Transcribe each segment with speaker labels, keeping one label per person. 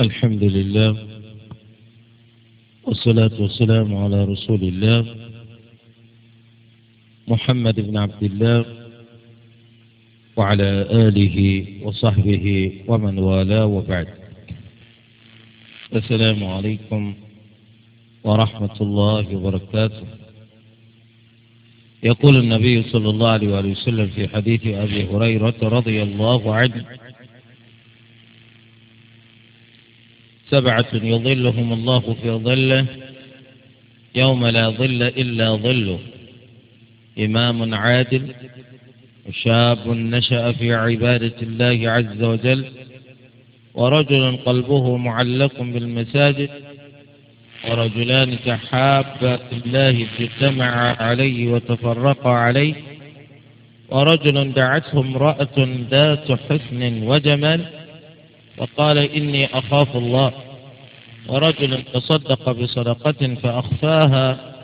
Speaker 1: الحمد لله والصلاة والسلام على رسول الله محمد بن عبد الله وعلى آله وصحبه ومن والاه وبعد السلام عليكم ورحمة الله وبركاته يقول النبي صلى الله عليه وسلم في حديث أبي هريرة رضي الله عنه سبعة يظلهم الله في ظله يوم لا ظل إلا ظله إمام عادل شاب نشأ في عبادة الله عز وجل ورجل قلبه معلق بالمساجد ورجلان تحابا الله اجتمعا عليه وتفرقا عليه ورجل دعته امرأة ذات حسن وجمال وقال إني أخاف الله ورجل تصدق بصدقة فأخفاها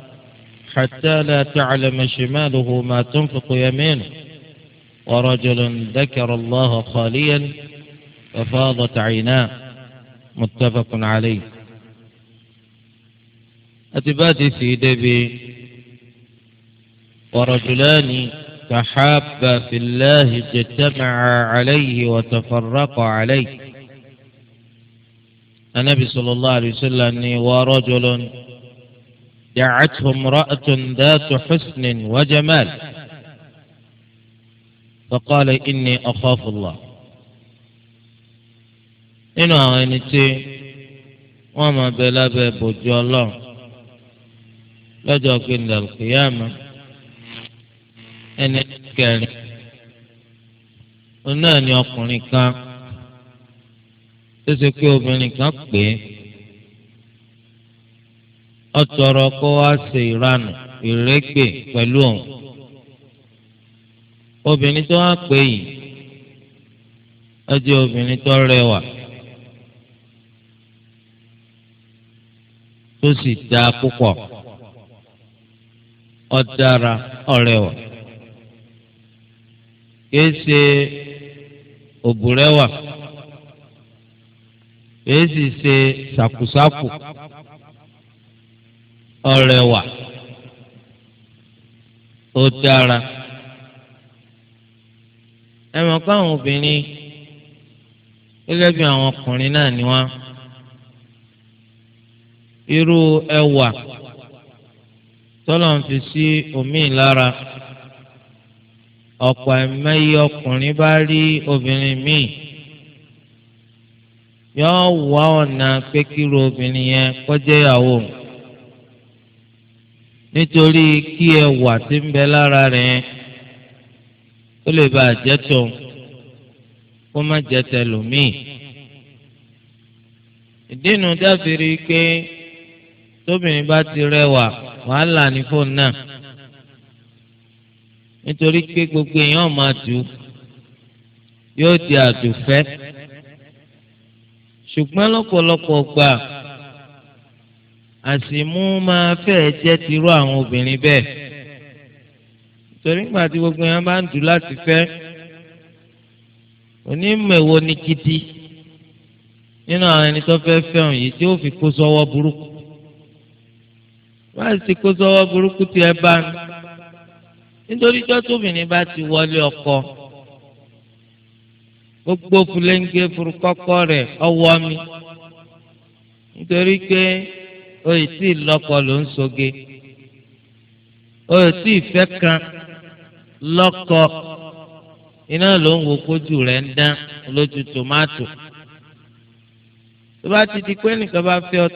Speaker 1: حتى لا تعلم شماله ما تنفق يمينه ورجل ذكر الله خاليا ففاضت عيناه متفق عليه أتباتي في دبي ورجلان تحابا في الله اجتمعا عليه وتفرقا عليه النبي صلى الله عليه وسلم ورجل دعته امرأة ذات حسن وجمال فقال إني أخاف الله إنه أنتي وما بلا باب الله لجوك عند القيامة أن كان أن يقول كان tó ṣe pé obìnrin kan pè é ọtọrọ kó wá ṣe ìranù ìrẹ́gbẹ́ pẹ̀lú òun obìnrin tó wá pè yìí ó jẹ́ obìnrin tó rẹwà tó sì dáa púpọ̀ ó dára kìí ṣe òbúrẹ́wà èyí sì ṣe ṣàkùṣàkù ọrẹwà ó dára ẹ mọ̀ pé àwọn obìnrin gẹ́gẹ́ bí àwọn ọkùnrin náà ni wọ́n irú ẹwà tọ́lọ̀ ń fi sí omi lára ọ̀pọ̀ ẹ̀mẹ́yẹ ọkùnrin bá rí obìnrin míì. yọ wá ọ̀nà pé kíru obìnrin yẹn kọjá ìyàwó nítorí kí ẹwà tí ń bẹ lára lara ó lè bá jẹ́ tó kó má jẹ́ tẹlòmíì idinu nu dábìrì pé tóbìnrin bá ti rẹwà wàhálà ní fóònù náà nítorí pé gbogbo èèyàn máa dù yóò di àdùfẹ́. ṣùgbọ́n lọ́pọ̀lọpọ̀ gbà àsìmú máa fẹ́ẹ̀ jẹ́ tirú àwọn obìnrin bẹ́ẹ̀ torí gbà tí gbogbo yẹn bá ń dùn láti fẹ́ onímọ̀ èwo ni gidi nínú àwọn ẹni tó fẹ́ fẹ́ràn yìí tí ó fi kó sọ́wọ́ burúkú wáyé ti kó sọ́wọ́ burúkú tí ẹ bá ń nítorí jọ́ tóbìnrin bá ti wọlé ọkọ gbogbo fúlẹ́ńgé furukọ́kọ́ rẹ̀ ọwọ́ mi nítorí pé o ì tí ì ló ń soge
Speaker 2: o ì tí ì kan lọ́kọ
Speaker 1: iná ló ń wo kójú rẹ̀ ń dán lójú tòmátò tó bá ti di pé nìkan bá fẹ́ ọ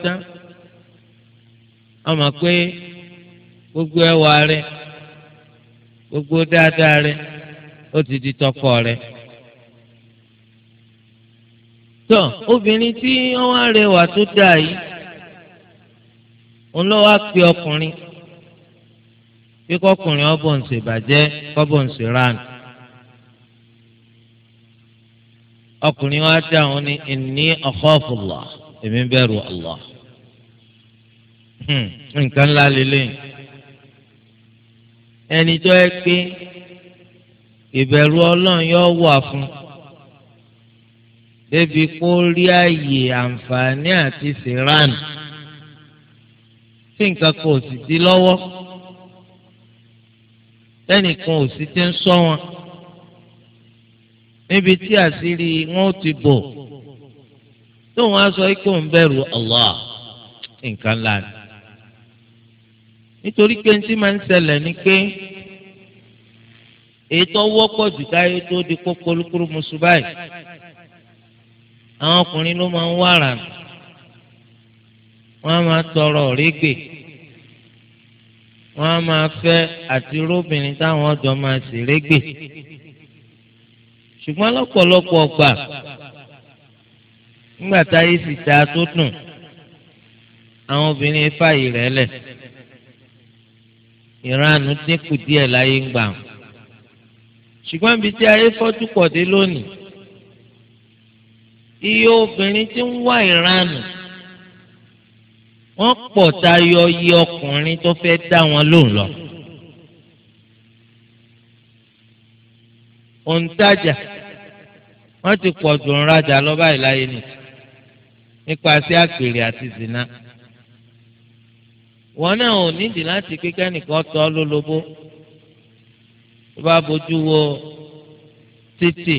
Speaker 1: ọmọ pé gbogbo ẹwà rẹ gbogbo dáadáa rẹ ó ti di tọkọ rẹ tọ obìnrin tí wọ́n wá rẹwà tó dáa yìí òun ló wá pe ọkùnrin bí kọkùnrin ọbọ ń ṣe bàjẹ́ kọbọ ń ṣe ránù ọkùnrin wa dáhùn ní inni akhafullah èmi ń bẹ̀rù Allah hmm, nǹkan ńlá lélẹ́yìn ẹnìjọ́ ẹ pé ìbẹ̀rù ọlọ́run yóò wà fún un débi kó rí ààyè àǹfààní àti sìrán tí nǹkan kan ò sì di lọ́wọ́ tẹ́nìkan ò sì ti ń sọ wọn níbi tí àṣírí wọn ò ti bò tóun á sọ pé òun bẹ̀rù Allah nǹkan ńlá ni nítorí pé ntí máa ń ṣẹlẹ̀ ni pé èyí tó wọ́pọ̀ jù káyé tó di kókó lukuru mùsùlùmí báyìí àwọn ọkùnrin ló máa ń wàrà nù wọ́n á máa tọrọ òrégbè wọ́n á máa fẹ́ àti róbìnrin táwọn ọ̀dọ́ máa sì régbè ṣùgbọ́n lọ́pọ̀lọpọ̀ ọgbà nígbà táyé sì ta tó dùn àwọn obìnrin fààyè rẹ̀ lẹ̀ ìranù dínkù díẹ̀ láyé ń gbà ṣùgbọ́n ibi tí ayé fọ́jú pọ̀ dé lónìí iye obìnrin tí ń wá ìranù wọ́n pọ̀ tayọ iye ọkùnrin tó fẹ́ dá wọn lóun lọ. òǹtajà wọ́n ti pọ̀ jù ń rajà lọ báyìí láyé nì nípasẹ̀ àgbèrè àti zina. wọn náà ò nídìí láti kíkẹ́ nìkan tọ́ lólobó tó bá bójú wo títì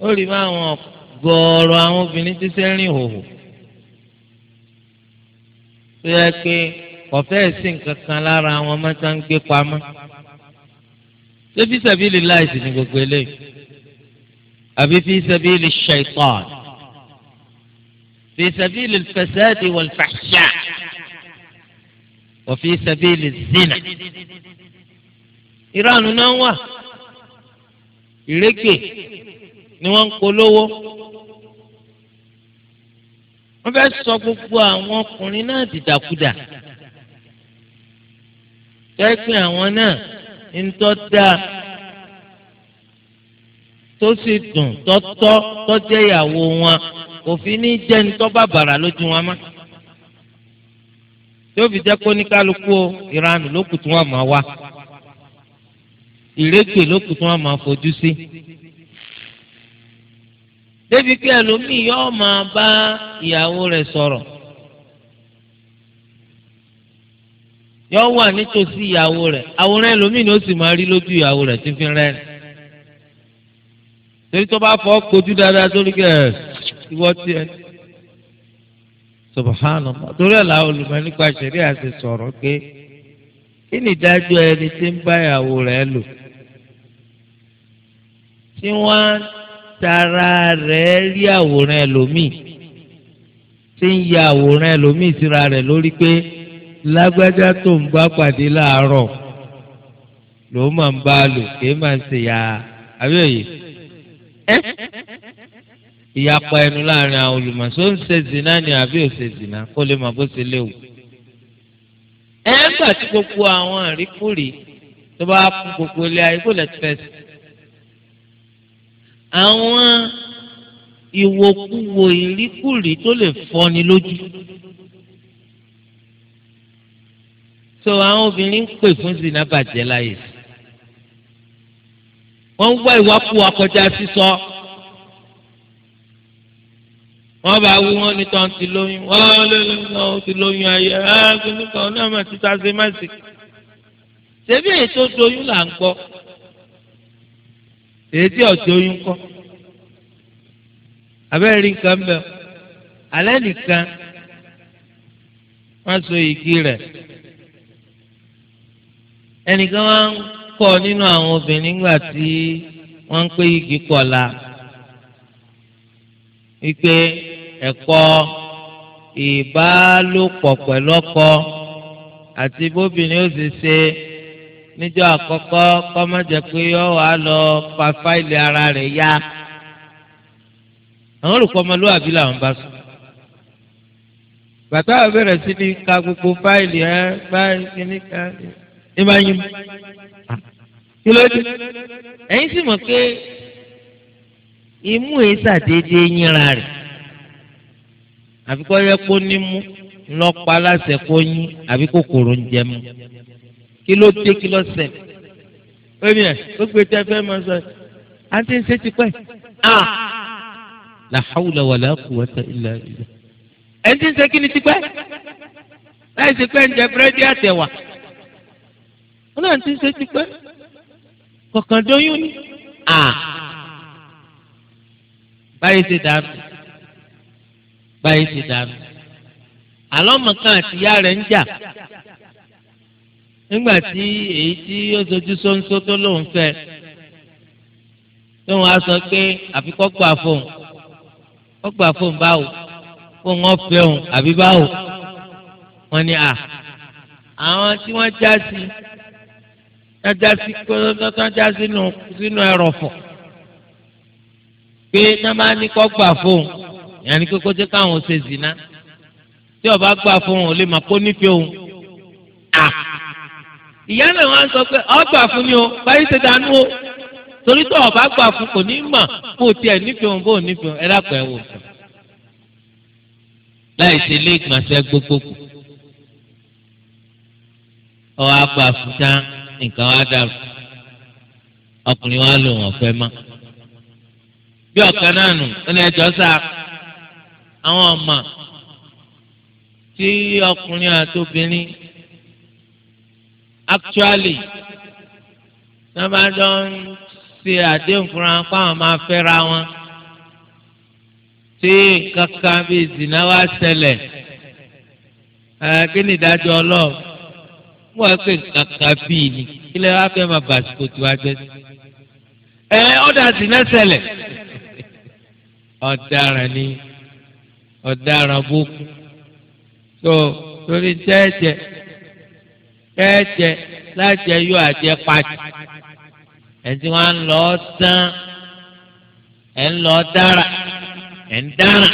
Speaker 1: ó rí bá àwọn gọ̀ọ̀rọ̀ àwọn obìnrin tí sẹ́rìn hòhò tó yẹ pé ọ̀fẹ́ ẹ̀sìn kankan lára àwọn ọmọ tá ń gbé pamọ́ ṣé fi sẹ́bílì láìsí ní gbogbo eléyìí àbí fi sẹ́bílì ṣaitan fi sẹ́bílì fasadi wal fahsha wa fi sẹ́bílì zina ìranu náà wà
Speaker 2: ìrẹ́gbẹ̀ẹ́ ni wọ́n ń polówó
Speaker 1: wọ́n fẹ́ sọ gbogbo àwọn ọkùnrin náà dìdàkudà jẹ́ pé àwọn náà ń tọ́ dáa tó sì dùn tọ́tọ́ tọ́jẹ́ ìyàwó wọn òfin ní jẹ́ni tọ́ bàbàrà lójú wọn mọ́ tó fi jẹ́ kó ní kálukú ìranù lókùtù wọn máa wá ìrẹ́gbẹ̀ lókùtù wọn máa fojú sí débi pé ẹlòmíì yóò máa bá ìyàwó rẹ̀ sọ̀rọ̀ yóò wà nítòsí ìyàwó rẹ̀ àwòrán ẹlòmíì ni ó sì máa rí lójú ìyàwó rẹ̀ tí fi rẹ́rìn torí tó bá fọ́ kojú dáadáa sórí kẹ́ ẹ̀ ìwọ́ tiẹ̀ subahana torí ẹ̀ làwọn olùmọ̀ nípa ṣẹ̀rí àti sọ̀rọ̀ pé kí ni ìdájọ́ ẹni tí ń bá ìyàwó rẹ̀ lò tí wọ́n tara rẹ̀ rí àwòrán ẹlòmíì tí ń ya àwòrán ẹlòmíì síra rẹ̀ lórí pé lágbájá tó ń bá pàdé láàárọ̀ ló máa ń bá a lò pé máa ń ṣe ya abẹ́òye ẹ́ ìyapa ẹnu láàrin àwọn olùmọ̀só ń ṣe zina ni àbí ò ṣe zina kó lè mọ̀ bó ṣe léwu. ẹ ń gbà tí gbogbo àwọn àríkùrì tó bá kú gbogbo ilé ayé kó lè tẹ̀sí àwọn ìwòkuwò ìríkùrí tó lè fọ́ni lójú. so àwọn obìnrin ń pè fún zina bàjẹ́ láyè sí wọ́n ń wá ìwákùwà kọjá sísọ wọ́n bá wí wọ́n ní tán ti lóyún wọ́n lé lóyún ti lóyún ayé ẹ́ gbẹ́nìkan náà mà ti ta ṣe má sí. ṣebí èyí tó doyún là ń gbọ́ èyí tí ọ̀jọ́ oyún kọ́ abẹ́rẹ́ rí nǹkan bẹ́ẹ̀ alẹ́ nìkan wọ́n so igi rẹ̀ ẹnìkan wá ń kọ́ nínú àwọn obìnrin nígbà tí wọ́n ń pé igi kọ̀la wípé ẹ̀kọ́ ìbálòpọ̀ pẹ̀lọ́kọ àti bóbìnrin ó sì ṣe níjọ́ àkọ́kọ́ kọ́mọ́jẹ́ pé yọ wà lọ pa fáìlì ara rẹ̀ yá àwọn olùkọ́ ọmọlúwàbí làwọn bá sùn bàtà bẹ̀rẹ̀ sí ní ka gbogbo fáìlì ẹ báyìí kìíní ká ní bá yín
Speaker 2: kí ló dé ẹ̀yin sì mọ̀ pé
Speaker 1: imú yìí sàdédé yínra rẹ̀ àfi yẹ kó nímú ńlọ́pàá láṣẹ kó yín àbí kòkòrò ń jẹ mú kí ló dé kí ló ṣẹ ó ní ẹ ó gbé tẹ fẹ máa sọ à ń tẹ ń ṣe tipẹ́ à la hawla wala quwwata illa billah ẹ ń tẹ ń ṣe kí ni tipẹ́ láì ṣe pé ń jẹ búrẹ́dì àtẹ̀wà ó náà ń tẹ ń ṣe tipẹ́ kọ̀ọ̀kan dóyún ni báyìí ṣe dànù báyìí ṣe dànù àlọ́ mọ̀ọ́kàn àtìyá rẹ̀ ń jà nígbà tí èyí tí ó sojú sọ́nsọ́ tó lóun fẹ́ tó wọn á sọ pé àfikọ́ gbà fóun ó gbà fóun báwo fóun wọn fẹ́ òun àbí báwo wọn ni à àwọn tí wọ́n já sí wọ́n já sí wọ́n já sínú sínú ẹrọ̀fọ̀ pé náà máa kọ́ gbà fóun ìyẹn ni kókó tí káwọn ṣe zìnnà tí ó gbà fóun ò lè mà kó nífẹ̀ẹ́ òun à ìyá náà wá sọ pé ọgbà fún mi o báyìí ṣe dànù o torí tó ọba gbà fún kò ní mà kó tiẹ̀ nífẹ̀ẹ́ òun bó nífẹ̀ẹ́ òun ẹ dàpọ̀ ẹ wò fún un. láì ṣe ilé ìgbọ̀nsẹ̀ gbogbogbò ọwọ́ àgbà fún tán nǹkan wá dàrú ọkùnrin wa lò wọ́n fẹ́ mọ́. bí ọ̀kan náà nù ẹni ẹjọ́ sá àwọn ọmọ tí ọkùnrin àti obìnrin actually wọ́n bá jọ ń ṣe àdéhùn fúnra wọn káwọn máa fẹ́ra wọn tí kankan bíi zina wá ṣẹlẹ̀ kí ni ìdájọ́ ọlọ́ọ̀ wọ́n pè kankan bíi ni kí lè wá fẹ́ máa bàṣìkò tí wàá jẹ́ ẹ ọ̀dà zina ṣẹlẹ̀ ọ̀daràn ni ọ̀daràn bókú tó torí jẹ́ẹ̀jẹ̀ kẹ́ẹ̀jẹ lájẹ yóò àjẹ pàtì ẹ̀ntì wọn ń lọ tán ẹ̀ ń lọ dára ẹ̀ ń dára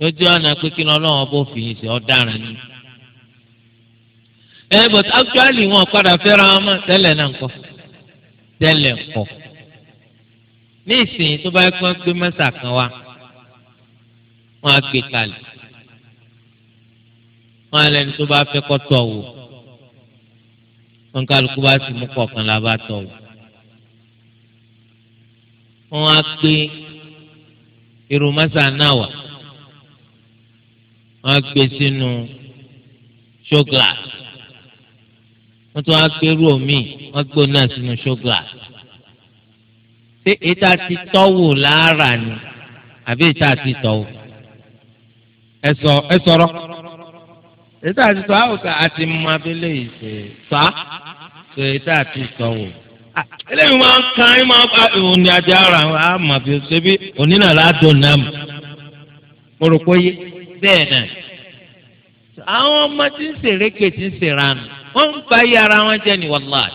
Speaker 1: lójú ọ̀nà pé kí ni ọlọ́run bó fi yín ọ̀daràn ni.
Speaker 3: ẹ but actually wọn padà fẹ́ra
Speaker 1: wọn mọ́ tẹ́lẹ̀ náà kọ́ tẹ́lẹ̀ kọ́ ní ìsìn tó bá pẹ́ pé mẹ́sà kan wá wọn á gbé kalẹ̀ wọn lẹni tó bá fẹ́ kọ́ tọ̀ wò wọn kálukú bá sì mú kọ̀ọ̀kan la bá tọ̀ wò wọn á gbé irun mọ́sá náà wà wọn á gbé sínú show glass wọ́n tún á gbé irú omi gbó náà sínú show ṣé ìta ti tọ́wò lára ni àbí ìta ti tọ́wò ẹ sọ ẹ sọ̀rọ̀ ètò àti sọ àwòká àti mọ abẹ́lé yìí ṣe fa ṣe ètò àti sọ wò. eléyìí máa ń kan ẹ máa bá òní ajá ara wa mà bí ṣe bí òní náà ládùn náà mọ̀. mo rò pé bẹ́ẹ̀ náà àwọn ọmọ tí ń ṣèrékè tí ń ṣèrànù wọ́n ń ba iye ara wọn jẹ́ ní wàláì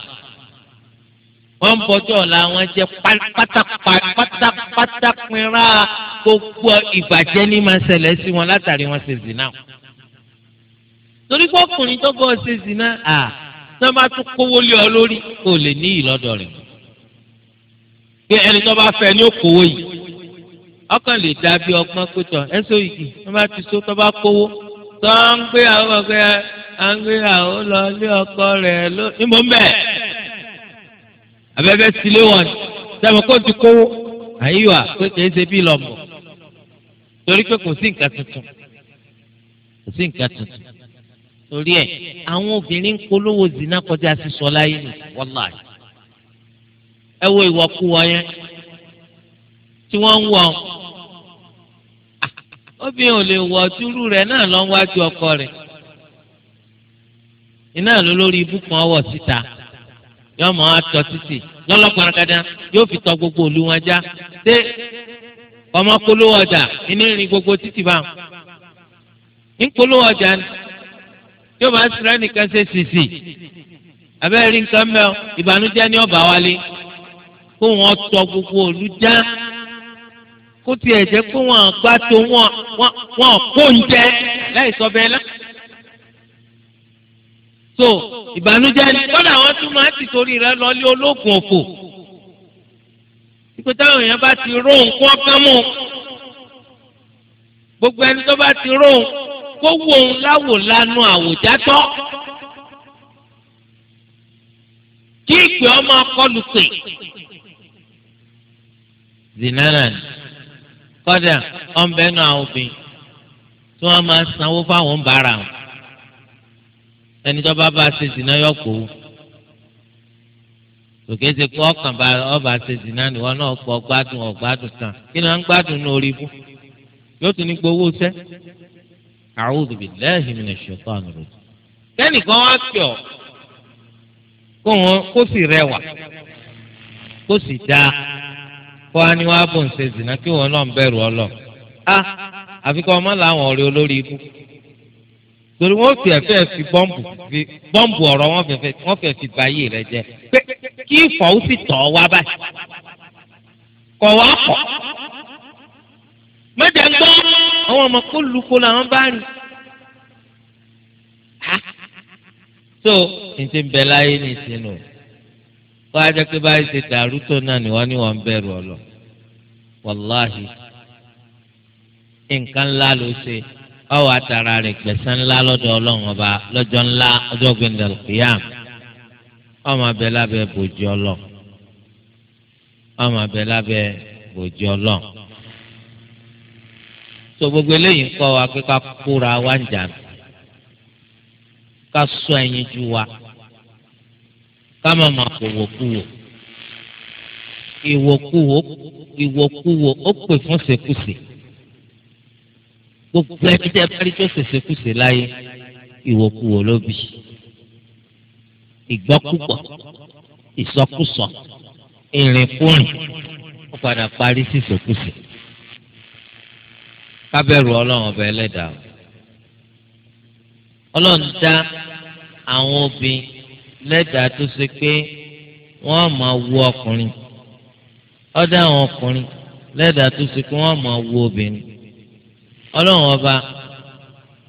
Speaker 1: wọ́n ń bọ́jọ́ ọ̀la wọn jẹ́ pátápátá gbogbo ìbàjẹ́ ní máa ṣẹlẹ̀ sí wọn látàrí wọn ṣe zina torí pé ọkùnrin tó bọ́ ṣe zina à tó bá tún kówó lé ọ lórí kò lè ní ìlọ́dọ̀ rẹ̀
Speaker 2: pé ẹni tó bá fẹ́ ni ó kówó yìí
Speaker 1: ọkàn lè dá bí ọgbọ́n pétọ ẹsọ igi tó bá ti so tó bá kówó tó ń gbé àwọn ọgbẹ́ à ń gbé àwọn lọ lé ọkọ rẹ̀ ló níbo ń bẹ̀ abẹ́bẹ́ sílé wọn sẹ́mi kó ti kówó àyíwá pé kìí ṣe bí lọ́mọ torí pé kò sí nǹkan tuntun kò sí nǹkan tuntun torí ẹ̀ àwọn obìnrin ń polówó zina kọjá sísọ láyé nù wàláì ẹ wo ìwọ̀kuwọ̀ yẹn tí wọ́n ń wọ̀ obìnrin ò lè wọ̀ túrú rẹ náà lọ wájú ọkọ rẹ. iná ló lórí ibú kan wọ̀ síta yọ mọ atọ títì lọlọpàá kadà yóò fi tọ gbogbo òlu wọn já dé ọmọ polówó ọjà ní rìn gbogbo títì bá ń polówó ọjà ni. yóò bá sira nìkan ṣe sìsì abẹ́rẹ́ rí nǹkan mẹ́ ọ ìbànújẹ́ ni ọba wálé kó wọn tọ gbogbo òlu já kó tiẹ̀ jẹ́ kó wọn gbá tó wọn wọn kó ń jẹ láì sọ bẹ́ẹ̀ lọ. so ìbànújẹ́ ni kọ́dà wọn tún máa ti torí rẹ lọ lé ológun òfò ìpè táwọn èèyàn bá ti ró nǹkan kán mú gbogbo ẹni tó bá ti ró nǹkan kó wo láwò lanu àwòjátọ́ kí ìpè ọmọ akọlù pè zinanani kọ́dà ọ̀nbẹ́nu àwọn obìnrin tí wọ́n máa sanwó fáwọn bàrà wọn ẹni tó bá bá ṣe zina yọ kó òkè ṣe kó ọkàn bá ọba ṣe zina ni wọn náà kọ gbádùn ọgbádùn kan kí ni wọn ń gbádùn ní orí fún yóò tún ní gbowó sẹ a'udhu billahi minash shaitani rajim. kẹ́nìkan wá pè ọ́ kó wọn kó sì rẹwà kó sì dáa kó wá ní wàá bò ń ṣe zìnà kí wọn náà ń bẹ̀rù ọ lọ. a àfi kọ́ ọmọ làwọn ọ̀rẹ́ olórí ikú torí wọ́n fi ẹ̀fẹ́ fi bọ́ǹbù fi bọ́ǹbù ọ̀rọ̀ wọ́n fẹ́ẹ́ wọ́n fẹ́ẹ́ fi báyé rẹ jẹ pé kí ìfọ̀ sì tọ̀ wá báyìí kọ̀ wá pọ̀ mẹ́jẹ̀ ń gbọ́ àwọn ọmọ kó luko làwọn bá rìn so n ti bẹ láyé ní ìsinú kó ajá pé báyìí ṣe dàrú tó náà ni wọn ní wọn bẹ̀rù ọlọ wàláhì nǹkan ńlá ló ṣe ọwọ àtàrà rẹ gbẹ̀san ńlá lọ́dọ̀ Ọlọ́run ọba lọ́jọ́ ńlá ọjọ́ gbẹndẹ kìyàm ọmọ abẹ lábẹ́ bòjú ọlọ ọmọ abẹ lábẹ́ bòjú ọlọ so gbogbo eléyìí ń kọ́ wa pé ká kóra wa ń jà ká sọ ẹyin ju wa ká má má kó wòkúwò ìwòkúwò ìwòkúwò ó pè fún ṣèkúṣe gbogbo ẹni tẹ bá rí tó ṣèṣekúṣe láyé ìwòkúwò ló bí ìgbọ́kúgbọ̀ ìsọkúsọ ìrìnkúrìn ó padà parí sí kábẹ̀rù ọlọ́run ọba ẹlẹ́dàá ọlọ́run dá àwọn obìnrin lẹ́dàá tó ṣe pé wọ́n á máa wo ọkùnrin ó dá àwọn ọkùnrin lẹ́dàá tó ṣe pé wọ́n á máa wo obìnrin ọlọ́run ọba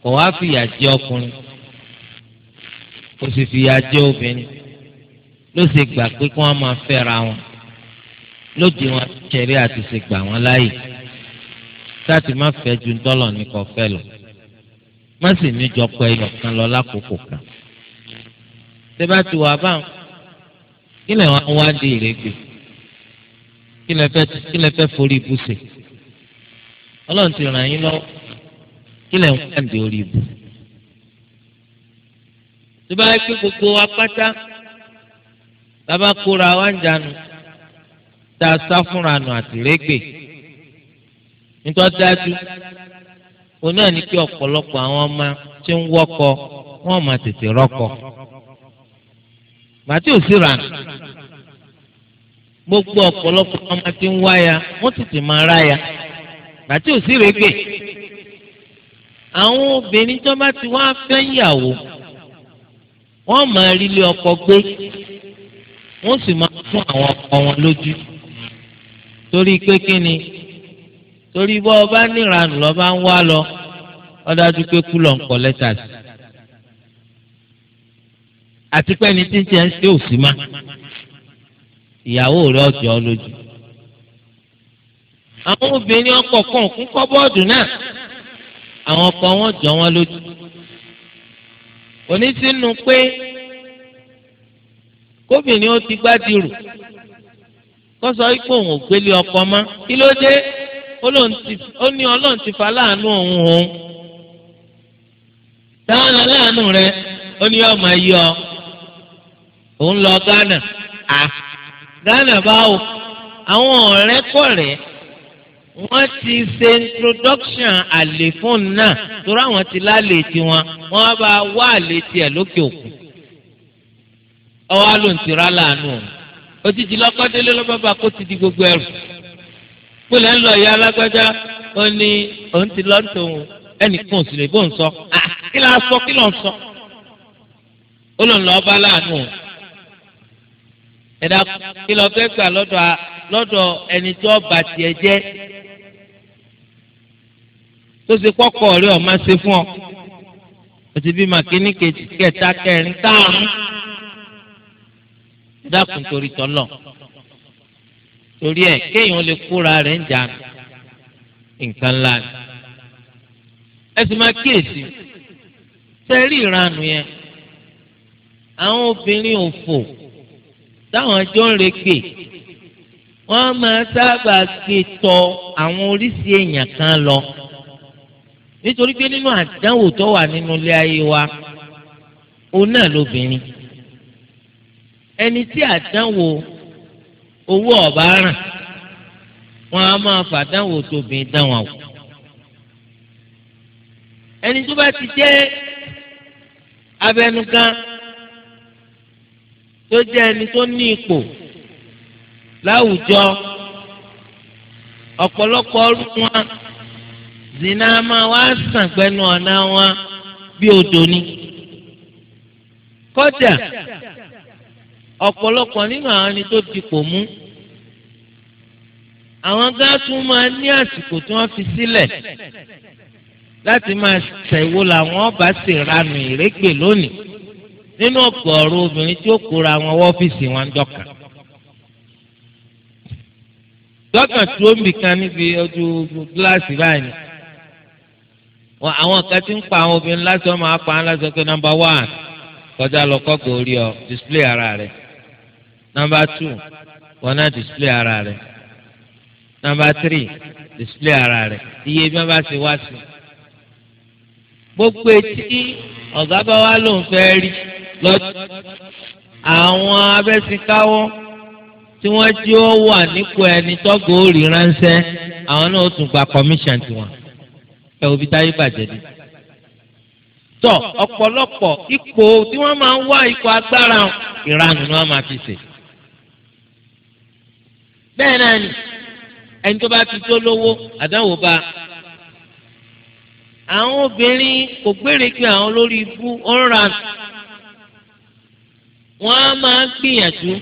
Speaker 1: kò wá fìyà jẹ ọkùnrin kò sì fìyà jẹ obìnrin ló ṣe gbà pé kí wọ́n máa fẹ́ra wọn lóde wọn ṣẹ̀rí àti ṣe gbà wọ́n láàyè sáàtì má fẹ́ ju dọ́là nìkan fẹ́ lọ má sì ní jọpọ̀ ẹyọ kan lọ lákòókò kan tẹ́bá ti wà bá kí lè wọ́n wá di ìrẹ́gbẹ́ kí lè fẹ́ kí lè fẹ́ forí ibu ṣe ọlọ́run ti ràn yín lọ́wọ́
Speaker 2: kí lè wọ́n di orí
Speaker 1: ibu tó bá yẹ kí gbogbo wa pátá bàbá kóra wa ń jánu tá a sá fúnra nù àti nítorí dájú òun náà ní kí ọ̀pọ̀lọpọ̀ àwọn ọmọ tí ń wọ́kọ wọ́n máa tètè rọ́kọ. bàtí ò sí rànà gbogbo ọ̀pọ̀lọpọ̀ ọmọ tí ń wáya wọ́n tètè máa ráya bàtí ò sí rèégbè. àwọn obìnrin tó bá ti wá fẹ́ yàwó wọ́n máa rí ilé ọkọ gbé wọ́n sì máa fún àwọn ọkọ wọn lójú torí pé kí ni torí bọ́ ọba níranù lọ́ba ń wá lọ ọdájú pé kú lọ ń kọ lẹ́tà sí. àti pé ẹni tí ń tiẹ̀ ń ṣe òsì má ìyàwó rẹ̀ ọjọ́ lójú. àwọn obìnrin ọkọ̀ kan kún kọ́bọ́ọ̀dù náà àwọn ọkọ̀ wọn jọ wọn lójú. òní sínú pé kóbìnrin ó ti gbá kó sọ pé òun ò gbélé ọkọ mọ́ kí ló dé ó ní ọlọ́run ti fa láàánú òun òun táwọn aláàánú rẹ ó ní ọmọ yìí ọ òun lọ Ghana à Ghana báwo àwọn ọ̀rẹ́ kọ̀rẹ́ wọ́n ti ṣe introduction àlè fún náà torí àwọn ti lálè tiwọn wọ́n bá wá àlè tiẹ̀ lókè òkun ọwọ́ ló ń òun òjijì lọ́kọ́délé lọ́ba bá kó ti di gbogbo ẹrù gbọ́dọ̀ ń lọ ìyá alágbájá ó ní òun ti lọ́ tòun ẹnìkan sì lè bó ń sọ ah, kí ló ń sọ kí ló ń sọ ó lòun lọ bá láàánú ẹ̀dá kí ló fẹ́ gbà lọ́dọ̀ ẹni tó ọba tiẹ̀ jẹ́ tó ṣe kọ́kọ́ rí ọ̀ máa ṣe fún ọ òtí bí màkínní kejì kẹta kẹrin táàrún dákun torí tọ́lọ̀ torí ẹ kéèyàn lè kóra rẹ̀ ń jà nǹkan ńlá ni ẹ sì máa kíyèsí sẹ́rí ìranù yẹn àwọn obìnrin òfò táwọn jọ ń regbè wọ́n máa sábà gbé tọ àwọn oríṣi èèyàn kan lọ nítorí pé nínú àdánwò tó wà nínú ilé ayé wa òun náà lóbìnrin ẹni tí àdánwò owó ọ̀bá ràn wọn á máa fàdánwò tóbi dáwọn wò ẹni tó bá ti jẹ́
Speaker 2: abẹnugan
Speaker 1: tó jẹ́ ẹni tó ní ipò láwùjọ ọ̀pọ̀lọpọ̀ ọdún wọn zina máa wá sàn gbẹnu ọ̀nà wọn bí odò ni kọjá ọ̀pọ̀lọpọ̀ nínú àwọn ẹni tó dipò mú àwọn gáàtún máa ní àsìkò tí wọ́n fi sílẹ̀ láti máa ṣẹ̀wó làwọn ọba sì ranù ìrégbè lónìí nínú ọ̀gọ̀ọ̀rọ̀ obìnrin tí ó kóra àwọn ọ́fíìsì wọn dọ́kà. dọ́kà tí ó ń bìkan níbi ojú gíláàsì báyìí wọn àwọn kan ti ń pa àwọn obìnrin lásán máa pa á lásán pé nọ́mbà wán kọjá lọ kọ́kọ́ orí ọ display ara rẹ̀. Number two wọn náà display ara rẹ nọmba three display ara rẹ iye bí wọn bá ṣe wá sí i gbogbo etí ọ̀gá bá wá lòun fẹ́ rí
Speaker 2: lọ́jọ́ àwọn
Speaker 1: abẹ́síkáwọ́ tí wọ́n jí ó wà nípò ẹni tọ́gọ̀ òòrì ránṣẹ́ àwọn náà ó tún gba commission tiwọn ẹ òbí táyé bàjẹ́ dé. tọ ọ̀pọ̀lọpọ̀ ipò tí wọ́n máa ń wá ipò agbára ìranù ni wọ́n máa fi ṣe. bẹ́ẹ̀ náà ni ẹni tó bá ti tó lówó àdánwò bá àwọn obìnrin kò gbére kí àwọn lórí ibú ọ̀nra wọn á máa gbìyànjú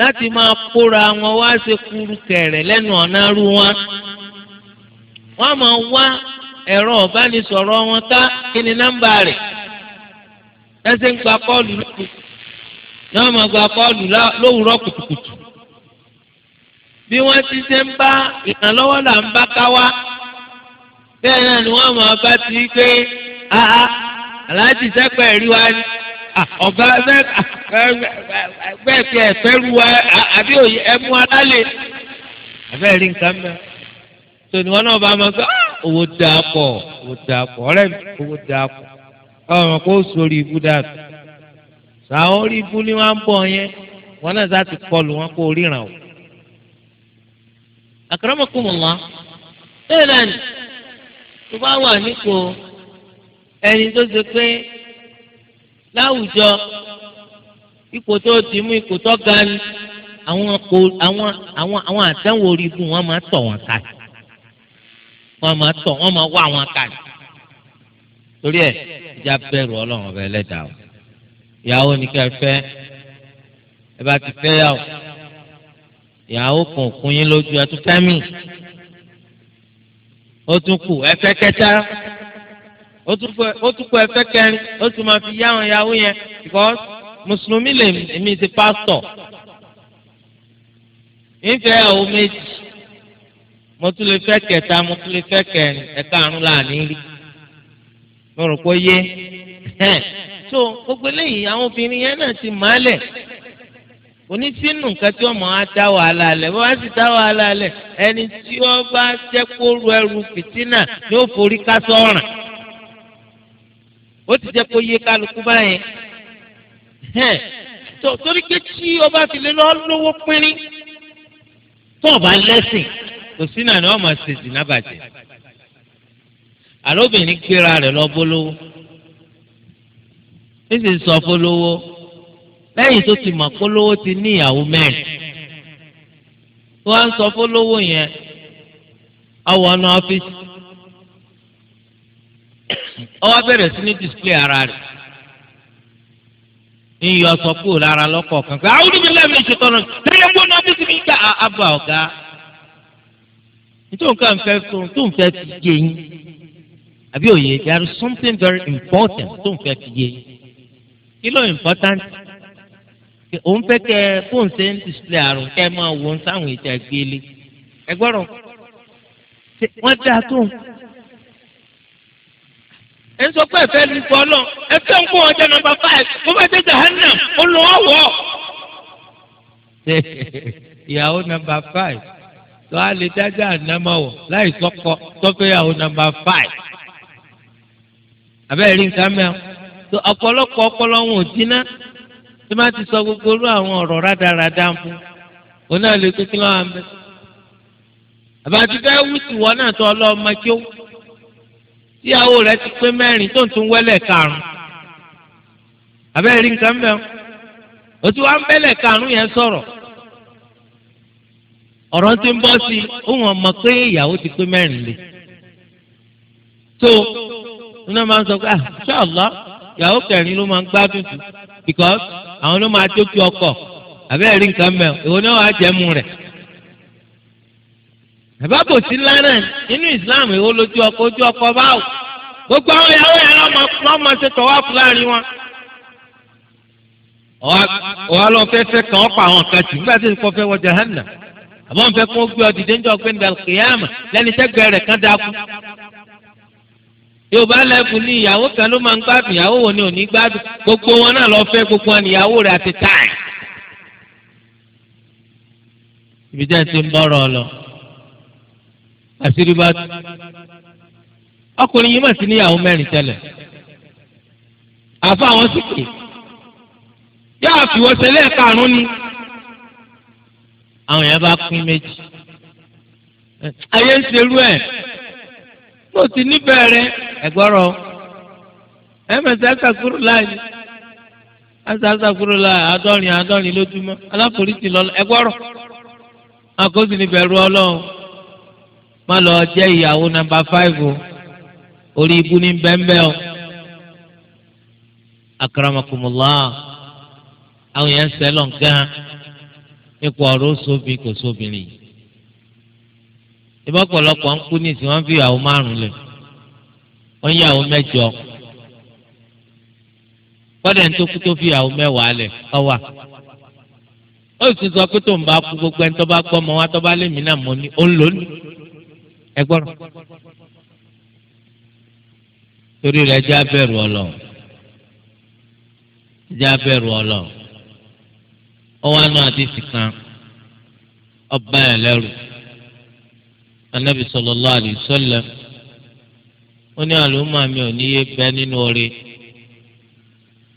Speaker 1: láti máa kóra wọn wá ṣe kúrú kẹrẹ lẹ́nu ọ̀nà rú wọn wọn á máa wá ẹ̀rọ ọ̀bánisọ̀rọ̀ wọn ká kí ni nọ́mbà rẹ̀ ń gba kùtùkùtù bí wọ́n ti ṣe ń bá ìrànlọ́wọ́ là ń bá káwá bẹ́ẹ̀ náà ni wọ́n máa bá ti pé aha aláàjì sẹ́pẹ̀ rí wa ni ọ̀gá bẹ́ẹ̀
Speaker 2: fi ẹ̀fẹ́ ru wa àbí òye
Speaker 1: ẹmu alálẹ̀ abẹ́ rí nǹkan mẹ́ tó ni wọ́n náà bá máa gbé owó da pọ̀ owó da pọ̀ ọ̀rẹ́ mi owó da pọ̀ ọmọ kó sórí ibú dàbí sàwọn orí ibú ni wọ́n ń bọ̀ yẹn wọ́n náà sá ti kọlù wọn kó ríran o akramakumullah bẹ́ẹ̀ náà ni tó bá wà nípò ẹni tó ṣe pé láwùjọ ipò tó ti mú ipò tó ga ni àwọn kò àwọn àwọn àwọn àdánwò orí igun wọn máa tọ̀ wọn ká wọn máa tọ̀ wọn máa wá wọn ká torí ẹ ìjà bẹ̀rù Ọlọ́run ọbẹ Ẹlẹ́dàá o ìyàwó ni kẹ́ fẹ́
Speaker 2: ẹ bá ti fẹ́ yàwó
Speaker 1: ìyàwó kan kún yín lójú ẹtú fẹ́mi ó tún kù ẹfẹ́ kẹta ó tún kù ẹfẹ́ kẹrin ó tún máa fi yá àwọn ìyàwó yẹn because mùsùlùmí lè mi ti pásítọ̀ nífẹ̀ẹ́ ìyàwó méjì mo tún lè fẹ́ kẹta mo tún lè fẹ́ kẹrin ẹ̀ka àrùn láàánú rí mo rò pé yé so gbogbo eléyìí àwọn obìnrin yẹn náà ti máa lẹ̀ onísínú nǹkan tí ọmọ á dá wàhálà lẹ bó bá sì dá wàhálà lẹ ẹni tí ó bá jẹ́ kó ru ẹrù fìtínà yóò forí ká sọ́ràn ó ti jẹ́ kó yé kálukú báyẹn torí pé tí ọba fi lé lọ pínrín tó ọba lẹ́sìn kò sí náà ni ọmọ ṣèṣì náà bàjẹ́ àlóbìnrin gbéra rẹ̀ lọ ó sì sọ fólówó lẹ́yìn tó ti mọ̀ polówó ti ní ìyàwó mẹ́rin tó wá ń sọ polówó yẹn ọwọ́ ọ̀nà ọ́fíìsì ọwọ́ bẹ̀rẹ̀ sí ní display ara rẹ̀ níyì ọsọ kúrò lára lọ́kọ̀ kankan àwọn olùdíje lẹ́yìn ìṣètò ọ̀nà tẹ́lẹ̀ gbọ́n náà bísí mi ká àbá ọ̀gá nítorí nǹkan fẹ́ tó tó ń fẹ́ ti yé yín àbí òye there is something very important tó ń fẹ́ ti yé yín kí ló important òun fẹ́ kẹ́ fóun ṣe ń display àrùn kẹ́ máa wò ń sáwọn ìjà gbélé ẹ gbọ́dọ̀ wọ́n dáa tó ẹ ń sọ pé ẹ fẹ́ lu ikọ̀ náà ẹ fẹ́
Speaker 3: ń kó wọn jẹ́ nọ́mbà five mo fẹ́ dé jahanna ó lọ wọ́ wọ́.
Speaker 1: ìyàwó nọ́mbà five tó a lè dájà ànámọ́wọ̀ láì sọ́kọ tọ́fẹ́yàwó nọ́mbà five. àbẹ́rẹ́ rí nǹkan mẹ́wàá ọ̀pọ̀lọpọ̀ ọpọlọ wọn ò jiná tí má ti sọ gbogbo irú àwọn ọ̀rọ̀ rádaràda ń fún òun náà lè kókí lọ́wọ́ àmì. àbájú bẹ́ẹ̀ wú sí wọn náà tó ọlọ́mọ kí ó tíyàwó rẹ̀ ti pé mẹ́rin tó ń tún wẹ́lẹ̀ karùn-ún àbẹ́rẹ́ nǹkan mẹ́rin òtún wa ń bẹ́lẹ̀ karùn-ún yẹn sọ̀rọ̀ ọ̀rọ̀ ti ń bọ́ sí òun ọmọ pé ìyàwó ti pé mẹ́rin lé tó iná máa ń sọ pé ah ṣáàlá ìyàwó kẹrin ló máa ń gbádùn because àwọn ló máa tókì ọkọ̀ àbẹ́ rí nǹkan mẹ́ ìwọ náà wàá jẹ́ mu rẹ̀. àbábòsí lánà nínú Islam ìwọ lójú ọkọ̀ ojú ọkọ̀ báwò gbogbo àwọn ìyàwó yẹn lọ́mọ ṣe tọ́wọ́ fún láàrin wọn. ọ̀wá lọ fẹ́ fẹ́ kàn ọ́ pa àwọn kan tì nígbà tí kò fẹ́ wọ jahanna àbọ̀ nfẹ́ kó gbé ọ dìde ńjọ́ gbé ní yorùbá lẹ́fù ní ìyàwó kan ló máa ń gbádùn ìyàwó wo ni ò ní gbádùn gbogbo wọn náà lọ fẹ́ gbogbo wọn níyàwó rẹ̀ àti táì. ibi jẹ́ ti ń bọ́rọ̀ lọ
Speaker 2: àṣírí bá tú ọkùnrin yìí mà sí níyàwó mẹ́rin tẹ́lẹ̀
Speaker 1: àfa àwọn sì yóò àfiwọ́sẹ̀lẹ̀ karùn-ún ni àwọn yẹn bá pín méjì ayé ń ṣerú ẹ̀ tó ti níbẹ̀rẹ̀ ẹgbọrọ ẹmẹsẹ asakuru láàyè asakuru láàyè àádọ́rin àádọ́rin lójúmọ́ aláforíjì lọlọ ẹgbọrọ akóso ní bẹ̀rù Ọlọ́run má lọ jẹ ìyàwó nàmbà fáìfù orí ibu ní bẹ́ńbẹ́ o akaramakumula àwọn yẹn ń gán nípa ọ̀rọ̀ sóbi kò sóbìnrin yìí ìbọ̀pọ̀lọpọ̀ ń kú ní ìsìn wọn fi ìyàwó márùn lẹ̀. ó ń yàwó mẹ́jọ kọ́dà ní tó kú tó fi yàwó mẹ́wàá lẹ̀ ọ wà ó sì sọ pé tó ń bá kú gbogbo ẹni tó bá gbọ́ ọmọ wa tó bá lé mi náà mo ní ó ń lò ní ẹ gbọ́dọ̀ torí rẹ̀ jẹ́ abẹ́rù ọlọ́run jẹ́ abẹ́rù ọlọ́run ó wá nù àdìsí ọba ẹ̀ lẹ́rù anabi sallallahu alaihi ó ní àlùmọ́ mi ò níye bẹ nínú oore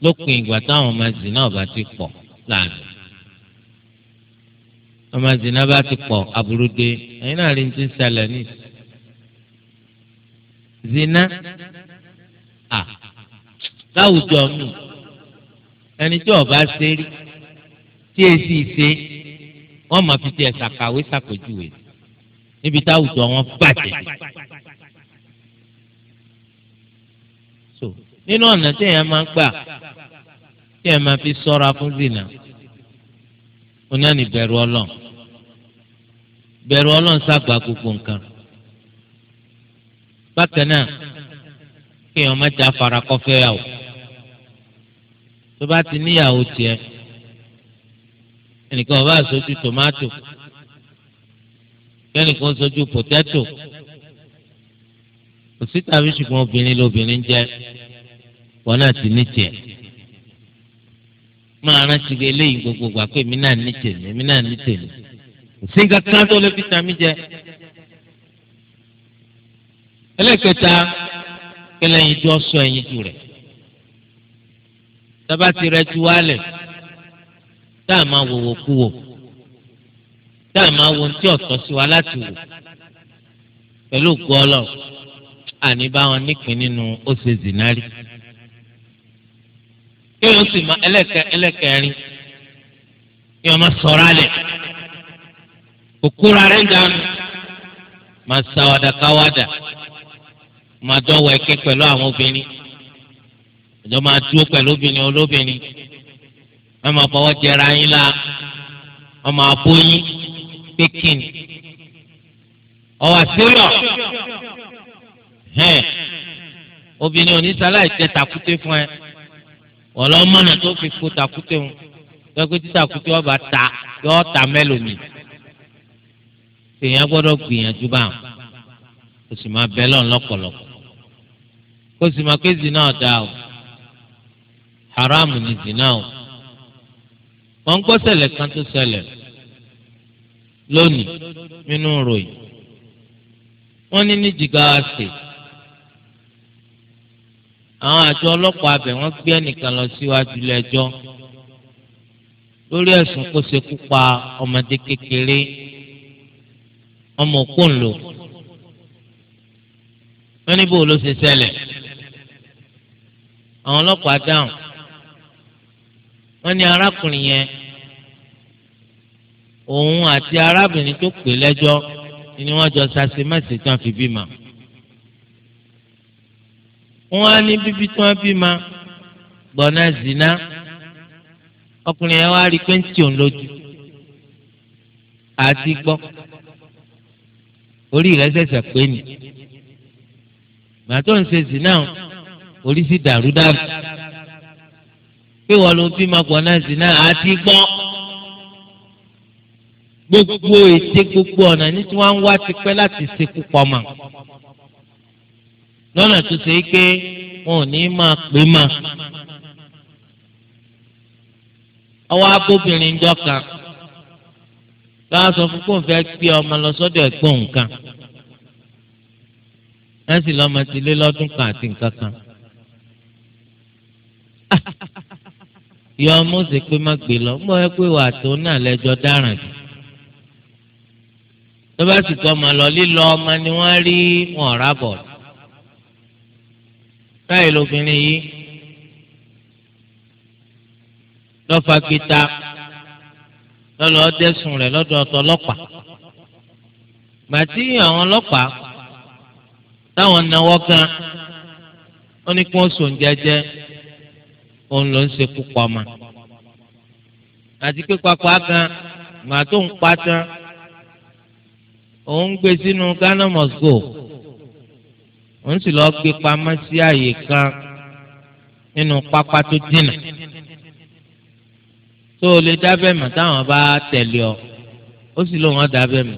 Speaker 1: lópin ìgbà táwọn ọmọ zina ọba ti pọ̀ láàánú ọmọ zina bá ti pọ̀ aburú dé ẹ̀yin náà rí ti ń ṣẹlẹ̀ ní zina à láwùjọ mi ẹni tí ọba ṣe rí tí èsì ṣe wọ́n máa fi tiẹ̀ ṣàkàwé ṣàpèjúwe níbi táwùjọ wọn bàjẹ́. nínú ọ̀nà tí èèyàn máa ń gbà
Speaker 2: tí èèyàn máa fi sọ́ra fún zina
Speaker 1: oná ní bẹ̀rù ọlọ́run bẹ̀rù ọlọ́run ṣàgbà gbogbo nǹkan bákan náà
Speaker 2: kí èèyàn má já fara kọ́fẹ́ yà o
Speaker 1: tó bá ti níyàwó tiẹ̀ ẹnìkan ọba àsojú tòmátò kẹ́nìkan sojú pòtẹ́tò òsì ṣùgbọ́n obìnrin lobìnrin jẹ́
Speaker 2: wọn náà ti ní tiẹ̀
Speaker 1: máa rántí eléyìí gbogbo gbà pé èmi náà ní tèmi èmi náà ní tèmi òsín kankan tó lè fi tàmí jẹ. ẹlẹ́kẹta kẹlẹ́yìn tó sọ ẹyin tu rẹ̀ tábà ti rẹ tu wálẹ̀ tá a máa wòwò kú wò tá a máa wo ohun tí ọ̀tọ̀ sí wa láti wò pẹ̀lú gọ́ọ̀lọ̀ àní bá wọn nípìn nínú ó ṣe zìnnárì kéèyàn sì máa ẹlẹ́kẹ ẹlẹ́kẹrin kéèyàn máa sọ̀rọ̀ alẹ̀ òkúra rẹ̀ dànù máa sàwádà káwádà máa dọ́wọ́ ẹ̀kẹ́ pẹ̀lú àwọn obìnrin ìjọ máa dúró pẹ̀lú obìnrin olóbìnrin wọ́n máa fọwọ́ jẹra yín la wọ́n máa bóyín pékin ọ̀wà sílọ̀ obìnrin ò ní sáláì jẹ fún ẹ ọlọ́mọ̀nà tó fi kó takùtẹ̀ wọn lọ́gbẹ́ tí takùtẹ̀ ọba ta yọ ta mẹ́lòmí èèyàn gbọ́dọ̀ gbìyànjú bá wọn kò sì máa bẹ́ lọ́n lọ́pọ̀lọpọ̀ kò sì máa pé zina ọ̀dà o haram ni zina o wọ́n ń gbọ́ kan tó ṣẹlẹ̀ lónìí nínú ròyìn wọ́n ní ní Jigawa state àwọn àjọ ọlọ́pàá abẹ wọ́n gbé ẹnìkan lọ síwájú ilé-ẹjọ́ lórí ẹ̀sùn kó ṣekú pa ọmọdé kékeré ọmọ òpónlò wọ́n ní bò ló ṣe ṣẹlẹ̀ àwọn ọlọ́pàá dáhùn wọ́n ní arákùnrin yẹn òun àti arábìnrin tó pè lẹ́jọ́ ni wọ́n jọ ṣàṣemẹsì tán fi bímọ wọ́n á ní bíbí tí wọ́n bí ma gbọ̀nà zina ọkùnrin yẹn wá rí pẹ́ǹtì òun lójú àti gbọ́
Speaker 2: orí rẹ̀ ṣẹ̀ṣẹ̀ pé ni
Speaker 1: màtó ń ṣe zina orí sì dàrú dàrú pé wọ́n ló bí ma gbọ̀nà zina àti gbọ́ gbogbo ète gbogbo ọ̀nà ní tí wọ́n ń wá tipẹ́ láti ṣekú pọ̀ mọ́. lọ́nà tó ṣe é pé wọn ò ní máa pè má. ọwọ́ abóbìnrin jọ kan sọ fún kóun fẹ́ gbé ọmọ lọ sọ́dọ̀ ẹ̀gbọ́n nǹkan wọ́n sì lọ́mọ ti lé lọ́dún kan àti nǹkan kan. ìyá lọ mọ́ ẹ pé wà tó náà lẹ́jọ́ dáràn jù. tó bá sì kọ́ ọmọ lọ lílọ ọmọ ni wọ́n báyìí lóbìnrin yìí lọ́fà gita
Speaker 2: lọ́lọ́ dẹ́sùn
Speaker 1: rẹ̀ lọ́dọ̀ ọ̀tọ̀ ọlọ́pàá gbàtí àwọn ọlọ́pàá
Speaker 3: táwọn náwó kan
Speaker 1: ó ní kí wọ́n sùn jẹ́jẹ́ òun ló ń ṣekú pa ọmọ àti pé pápá kan gbà tó ń pa tán òun gbé sínú Ghana must go ó ń sì lọ gbé pamọ́ sí àyè kan nínú pápá tó dínà tó o lè dábẹ́ mọ̀ táwọn bá tẹ̀lé ọ ó sì lóun dábẹ́ mọ̀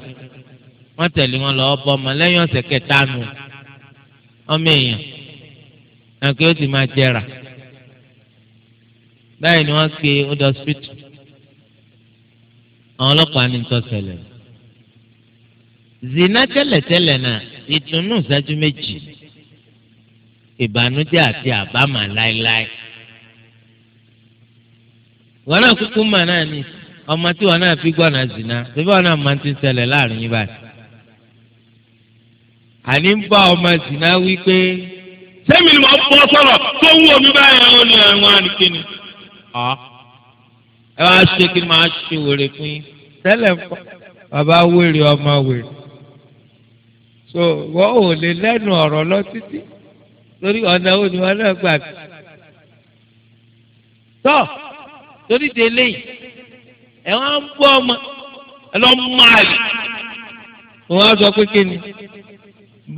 Speaker 1: wọ́n tẹ̀lé wọn lọ́ọ́ bọ́ lẹ́yìn ọ̀sẹ̀ kẹta nù ọmọ èèyàn náà kí ó ti máa jẹrà báyìí ni wọ́n gbé ó dọ̀ sípítù àwọn ọlọ́pàá ní tọ́sẹ̀lẹ̀ zina tẹ́lẹ̀tẹ́lẹ̀ náà ìtùnú ìṣẹ́jú méjì ìbànújẹ́ àti àbámà láéláé. wọn náà kúkú mà náà ní ọmọ tí wọn náà fi gbọ́nà zina síbí wọn náà máa ti ń ṣẹlẹ̀ láàrin yín báyìí. àní ń bá ọmọ zina wí pé
Speaker 3: sẹ́mi ni mo bọ́ sọ̀rọ̀ tó wù omi báyìí ó ní ẹ̀wọ̀n
Speaker 1: àníkíni. ẹ wá ṣe kí n máa ṣe wèrè fún yín tẹ́lẹ̀ ń bàbá wèrè ọmọ wèrè. so wọ́n ò lè lẹ́nu ọ̀rọ̀ lọ títí torí ọ̀nà wo ni wọn náà gbà bí. tọ́ torí délé yìí ẹ̀ wọ́n á ń bọ́ ọmọ ẹ lọ́ máa lè wọ́n á sọ pé kí ni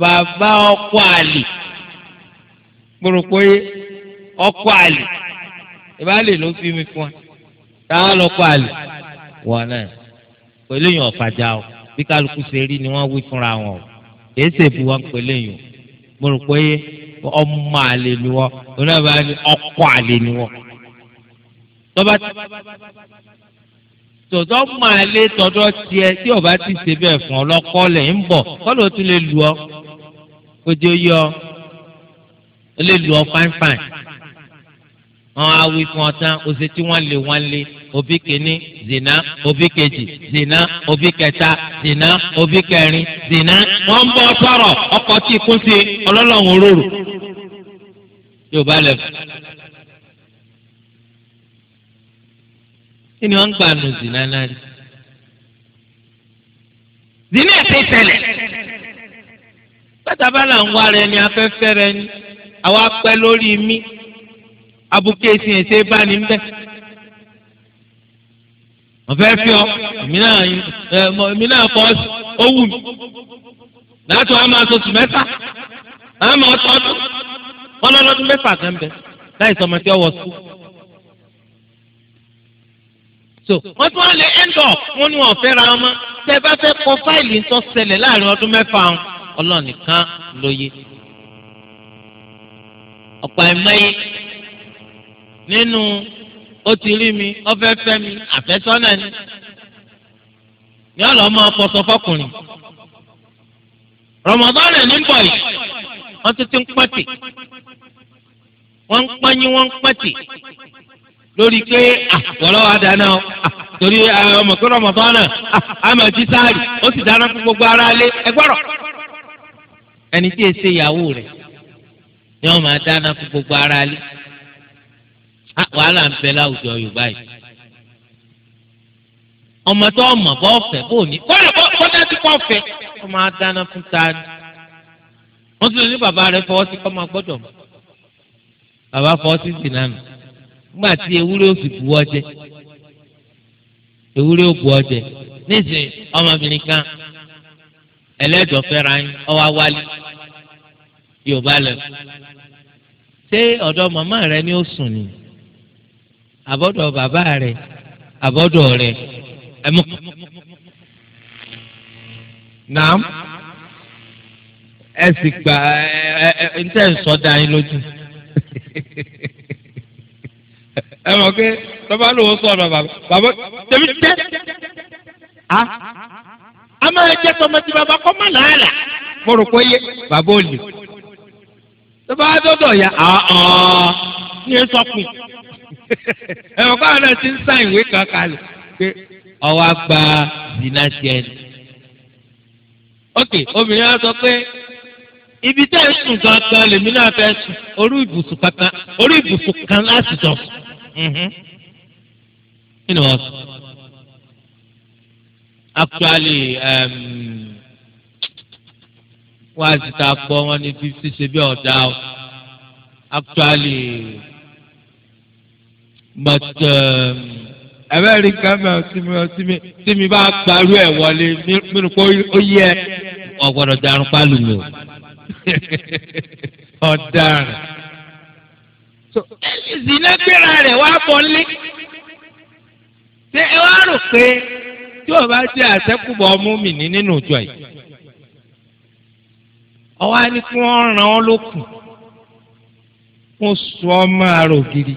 Speaker 1: bàbá ọkọ àlè kpọ̀rọ̀kpọ̀ye ọkọ àlè ìbálẹ̀ ló fi mi fún wa táwọn lọkọ àlè wọn náà pẹ̀lú èèyàn ọ̀fàjà o bí kálukú ṣe rí ni wọ́n wí fúnra wọn o kìí ṣe bu wọn pẹ̀lú èèyàn kpọ̀rọ̀kpọ̀ye ọmọ àlè ni wọ́n onáwó bá ní ọkọ àlè ni wọ́n. tọ́ba tọ̀dọ̀ ọmọ àlè tọ̀dọ̀ tiẹ̀ tí ọba ti ṣe bẹ́ẹ̀ fún ọ lọ́kọ́ lẹ̀ ń bọ̀ kọ́lọ́ tún lè lù ọ kójú yọ
Speaker 3: ó lè lù ọ fáínfáín
Speaker 1: wọn á fún ọ tán ọ̀sẹ̀ tí wọn lé wọn lé òbí kìíní zina òbí kejì zina òbí kẹta zina òbí kẹrin zina wọn ń bọ sọ̀rọ̀ ọkọ tí kún sí ọlọlọrun rorò yorùbá lẹ́fù. kí ni wọ́n ń gbà nù zìnnà náà rí. zìnnà ẹ̀sìn ìṣẹ̀lẹ̀. bàtà bá là ń wá rẹ ni afẹ́fẹ́ rẹ ni àwa pẹ́ lórí mi abuké sí ẹsẹ bá ní bẹ wọn fẹẹ fi ọ èmi náà ẹ èmi náà fọ ọ wù láti wọn máa sọ tùmẹ́ta àwọn máa tọ́ ọdún wọn lọ́dún mẹ́fà gan bẹ láì sọmọ tí ọwọ́ sùn. so
Speaker 3: wọ́n tún wá lè ẹ́ńdọ̀ wọn ni
Speaker 1: wọ́n fẹ́ ra ọmọ tẹ́ bá fẹ́ kọ fáìlì tó ṣẹlẹ̀ láàrin ọdún mẹ́fà ọ̀hún ọlọ́ọ̀nì kan ló yé. ọ̀pọ̀ ẹ̀mẹ́yẹ nínú ó ti rí mi ọfẹ́ fẹ́ mi àfẹ́sọ́nà ni ni ọlọ́mọ ọpọ̀sọ fọkùnrin rọmọdọ́rẹ̀ ní bọ̀
Speaker 2: yìí. wọ́n tún ti ń pẹ́tì wọ́n ń
Speaker 1: pẹ́yìn wọ́n ń pẹ́tì lórí pé àwọ̀lọ́wọ́ àdáná o torí ọmọkúrò ọmọbọ́nà àmọ̀ gbogbo ara lé ẹgbọ́rọ̀ ẹni tí èsè ìyàwó rẹ̀ ni wọ́n máa dáná fún gbogbo ara lé wàhálà ń bẹ láwùjọ Yorùbá yìí ọmọ tó ọmọ bọ́ wọ́n sì lè ní bàbá rẹ̀ fọwọ́ sí kọ́ máa gbọ́dọ̀ mọ́ bàbá fọwọ́ sí sí nánu nígbà tí ewúrẹ́ òsì bu ọjẹ́ ewúrẹ́ òbu ọjẹ́
Speaker 2: níìsín ọmọbìnrin kan ẹlẹ́dọ̀ fẹ́ra yín ọwá wálé yorùbá lẹ̀
Speaker 1: ṣé ọ̀dọ̀ màmá rẹ ni ó sùn ni àbọ̀dọ̀ bàbá rẹ àbọ̀dọ̀ rẹ
Speaker 2: ẹ̀mú. naam. naam ẹ sì gbà ẹ ẹ ń tẹ̀ ń sọdá yín lójú
Speaker 1: ẹ mọ̀ pé bàbá lòwó sọ̀rọ̀ bàbá bàbá
Speaker 2: tẹ̀mí tẹ́ a
Speaker 1: a máa jẹ́ tọmọtì bàbá kọ́ mọ̀ làálà mo rò pé yé bàbá ò lè bàbá dọ́dọ̀ yà á ọ̀ ní sọ́kùn ẹ mọ̀ pé àwọn náà ń sá ìwé kan kalẹ̀ pé ọwọ́ àgbà
Speaker 3: zina tiẹ̀
Speaker 1: ok obìnrin á sọ pé ibi tẹ́ ẹ sùn gangan lèmi náà fẹ́ sùn orí ibùsùn kankan orí ibùsùn kan láti jọ sùn. Mhm. kí ni wọ́n sọ? actually wọ́n á sì ta gbọ́ wọn ní fífi ṣe bí ọ̀dà o actually but ẹ̀rẹ́ rí kámẹ́ ọtími ọtími tí mi bá gbarú ẹ̀ wọlé mi rò pé ó yẹ ọ̀gbọ́dọ̀ darun pálù mi o.
Speaker 2: ọ̀daràn. ẹni zinagbera rẹ̀ wá bọ́lé ṣé ẹ wá rò pé tí o
Speaker 1: bá jẹ́ àṣẹ́kùbọ̀ ọmú mi ní nínú ìjọ yìí ọwọ́ á ní kí wọ́n ràn ọ́ lókun kó sọ ọmọ àrò gidi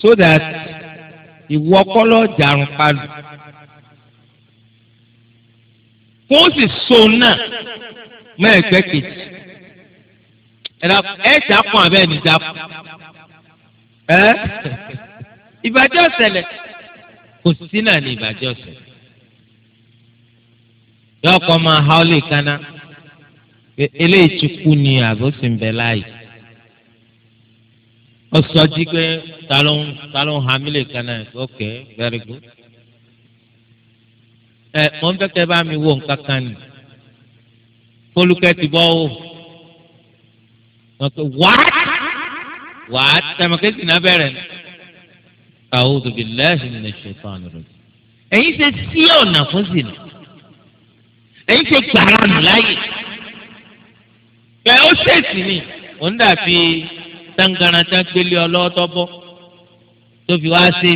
Speaker 1: so that ìwọ kọ́lọ́ jàrún palù kó sì so náà mẹ́ẹ̀gbẹ́ kejì ẹ̀ dàpọ̀ abẹ́ ní dàpọ̀ ẹ̀ ìbàjẹ́ ọ̀sẹ̀lẹ̀ kò sí náà ní ìbàjẹ́ ọ̀sẹ̀lẹ̀ yọ kọ́ máa ha ọ́ lè kaná eléyìí ti kú ni àbó sì ń bẹ láàyè ó sọ jí pé ta ló ń lè kaná ok very good ẹ mọ̀ ń fẹ́ kẹ́ bá mi wò nǹkan kan nìyí fọlùkẹ́ ti bọ́ o wọ́n pe wáá wáá tẹ̀mọ̀kẹ́ sì náà bẹ̀rẹ̀ ni. a'udhu billahi minash shaitani rajim. ẹ̀yin ṣe sí ọ̀nà fún sínú ẹ̀yin ṣe gbàrà nù láyè
Speaker 2: bẹ́ẹ̀ ó ṣèṣì ni
Speaker 1: òun dàbí tangaranta gbélé ọlọ́tọ́ bọ́ tóbi wá ṣèṣì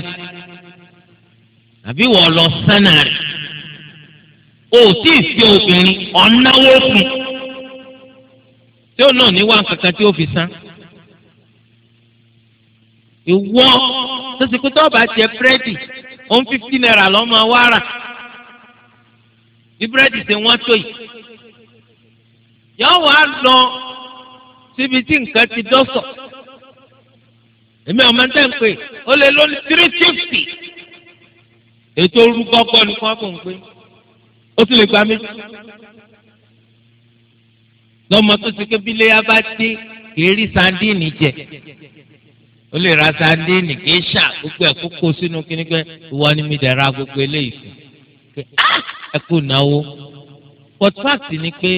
Speaker 1: àbí wọ́n lọ sánà rẹ̀ o tí ì fi obìnrin ọ̀náwó fún tí ó náà ní wá kankan tí ó fi san ìwọ tó ti kú tó bá jẹ búrẹ́dì one fifty naira lọ́ máa wá rà
Speaker 3: bí búrẹ́dì ṣe wọ́n tó yìí yóò wá lọ síbi tí nǹkan ti dọ́sọ̀
Speaker 1: èmi ọmọ ń tẹ́ ń ó lè lóní three fifty ètò orúkọ gbọ́ ni wọ́n kò ń pè é ó tún lè gba méjì lọ́mọ tó ti ké bílé yá bá dé kìí rí sandíìnì jẹ ó lè ra sandíìnì kìí ṣà gbogbo ẹ̀ kó kó sínú kíní pé ìwọ ni mi dẹ̀ gbogbo eléyìí fún ah, ẹ kú náwó pọtfáàtì ni pé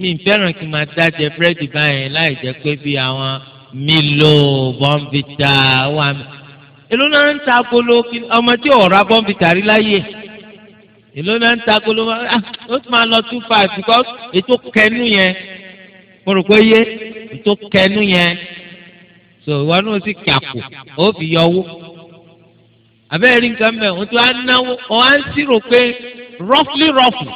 Speaker 1: mi ń fẹ́ràn kí n máa dájẹ búrẹ́dì báyẹn láì jẹ́ pé bí àwọn Milo bọ́ǹbìtà wà mí èló náà ń ta agolo ọmọ tí ò ra bọ́ǹbìtà rí láyé èló náà ń ta agolo ah, ó tún máa lọ two five because ètò kẹnu yẹn mo rò pé yé ètò kẹnu yẹn so ìwọ náà sì kàkù ó fi yọ owó abẹ́rẹ́ rí nǹkan mẹ́ òun tó á náwó ọ̀ á ń sírò pé roughly roughly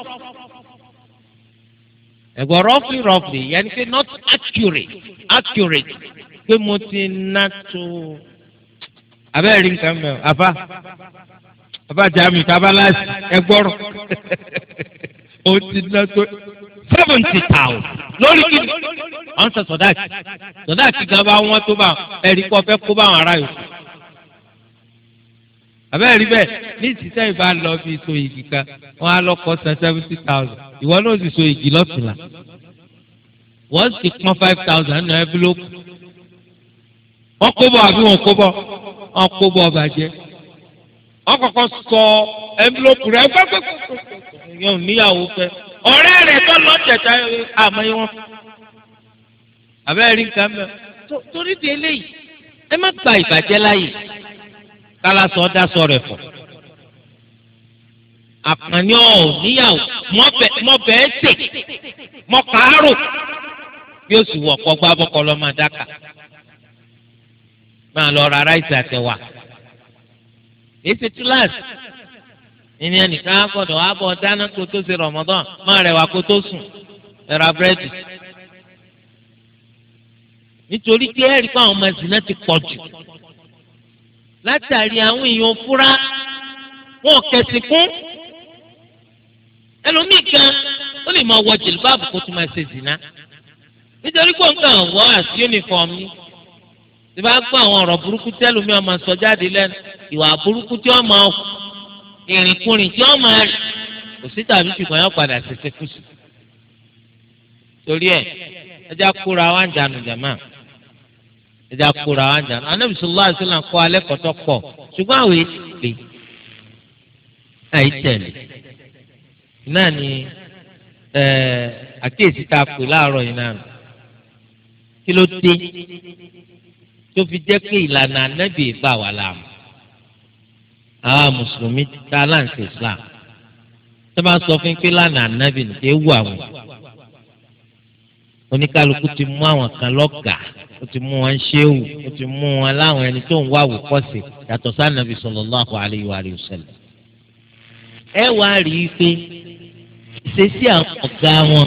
Speaker 1: ẹ̀gbọ́n roughly roughly yẹn ni pé not accurate accurate pé mo ti ná tó abẹ́rẹ́ rí nǹkan mẹ́ àfa abájá mi
Speaker 3: kábàlásì ẹgbọ́rọ̀
Speaker 2: ó ti ná tó seventy thousand lórí kìnnì
Speaker 3: ọ̀n sọ sọ̀dáàkì sọ̀dáàkì gan bá wọ́n tó bá ẹ̀rí kọ́ fẹ́ kó bá àwọn ará yòókù.
Speaker 1: àbẹ́rẹ́ rí bẹ́ẹ̀ ní ìsísẹ́ ìbá lọ bí so igi kan wọ́n á lọ́kọ́ san seventy thousand ìwọ náà sì so igi lọ́tùnlá wọ́n sì pọ́n five thousand nínú ẹ́fílópù wọ́n kó bọ̀ àbí wọ́n kó bọ̀ wọ́n kó bọ̀ bàjẹ́
Speaker 2: ọkọ̀ọ̀kan sọ
Speaker 1: ẹnvilópù rẹ̀ pẹ́pẹ́pẹ́ yóò níyàwó fẹ́
Speaker 3: ọ̀rẹ́ rẹ̀ tó lọ tẹ̀tà àmọ́ yẹn wọ́n
Speaker 1: àbẹ́rẹ́ rí nǹkan mẹ́ torí di eléyìí ẹ má gba ìbàjẹ́ láàyè kálásọ̀ dá sọ rẹ̀ fọ̀ àkànní ọ̀ níyàwó mọ̀bẹ́ ẹ̀sẹ̀ mọ̀kàárò bí ó sì wọ̀ kọ́ gbá bọ́kọ lọ́ máa dáka máa lọ ra ráìsì èsì túláàsì ìní ẹnìkan gbọ́dọ̀ wá bọ dáná kó tó ṣe rọmọdán má rẹwà kó tó sùn ẹra búrẹ́dì nítorí pé ẹ̀rí pé àwọn ọmọ ẹ̀sìn náà ti pọ̀ jù látàrí àwọn èèyàn fúra wọn kẹsì kún ẹlòmíì kan ó lè máa wọ jìlbáàbù kó tó máa ṣe zìnà nítorí pé nǹkan wọ àti yúnífọ̀mù ni tí bá gbọ́ àwọn ọ̀rọ̀ burúkú tẹ́lùmí ọmọ sọ jáde lẹ́nu ìwà burúkú tí ọmọ ìrìnkúrìn tí ọmọ rẹ̀ kò sí tàbí ṣùgbọ́n yóò padà ṣẹṣẹ kù sí. torí ẹ ẹja kóra wa ń jànú jàmá ẹja kóra wa ń jànú Ànábì sallallahu alaihi wasallam kọ́ alẹ́ kọ́tọ́ ṣùgbọ́n àwọn ètè àìtẹ̀lẹ̀ náà ni àkíyèsí tá a pè láàárọ̀ yìí náà kí ló dé tó fi jẹ́ pé ìlànà ànábì bá wà láàmú àwa mùsùlùmí tá a ń ṣe islam tó bá sọ fún pé lánàá ànábì nìkan ewu àwọn oníkálukú ti mú àwọn kan lọ́gàá ó ti mú wọn ṣéwù ó ti mú wọn láwọn ẹni tó ń wá àwòkọ́ṣe yàtọ̀ sànàbì sallallahu alayhi wa sallam. ẹ wàá rí i pé ìṣesí àwọn ọ̀gá wọn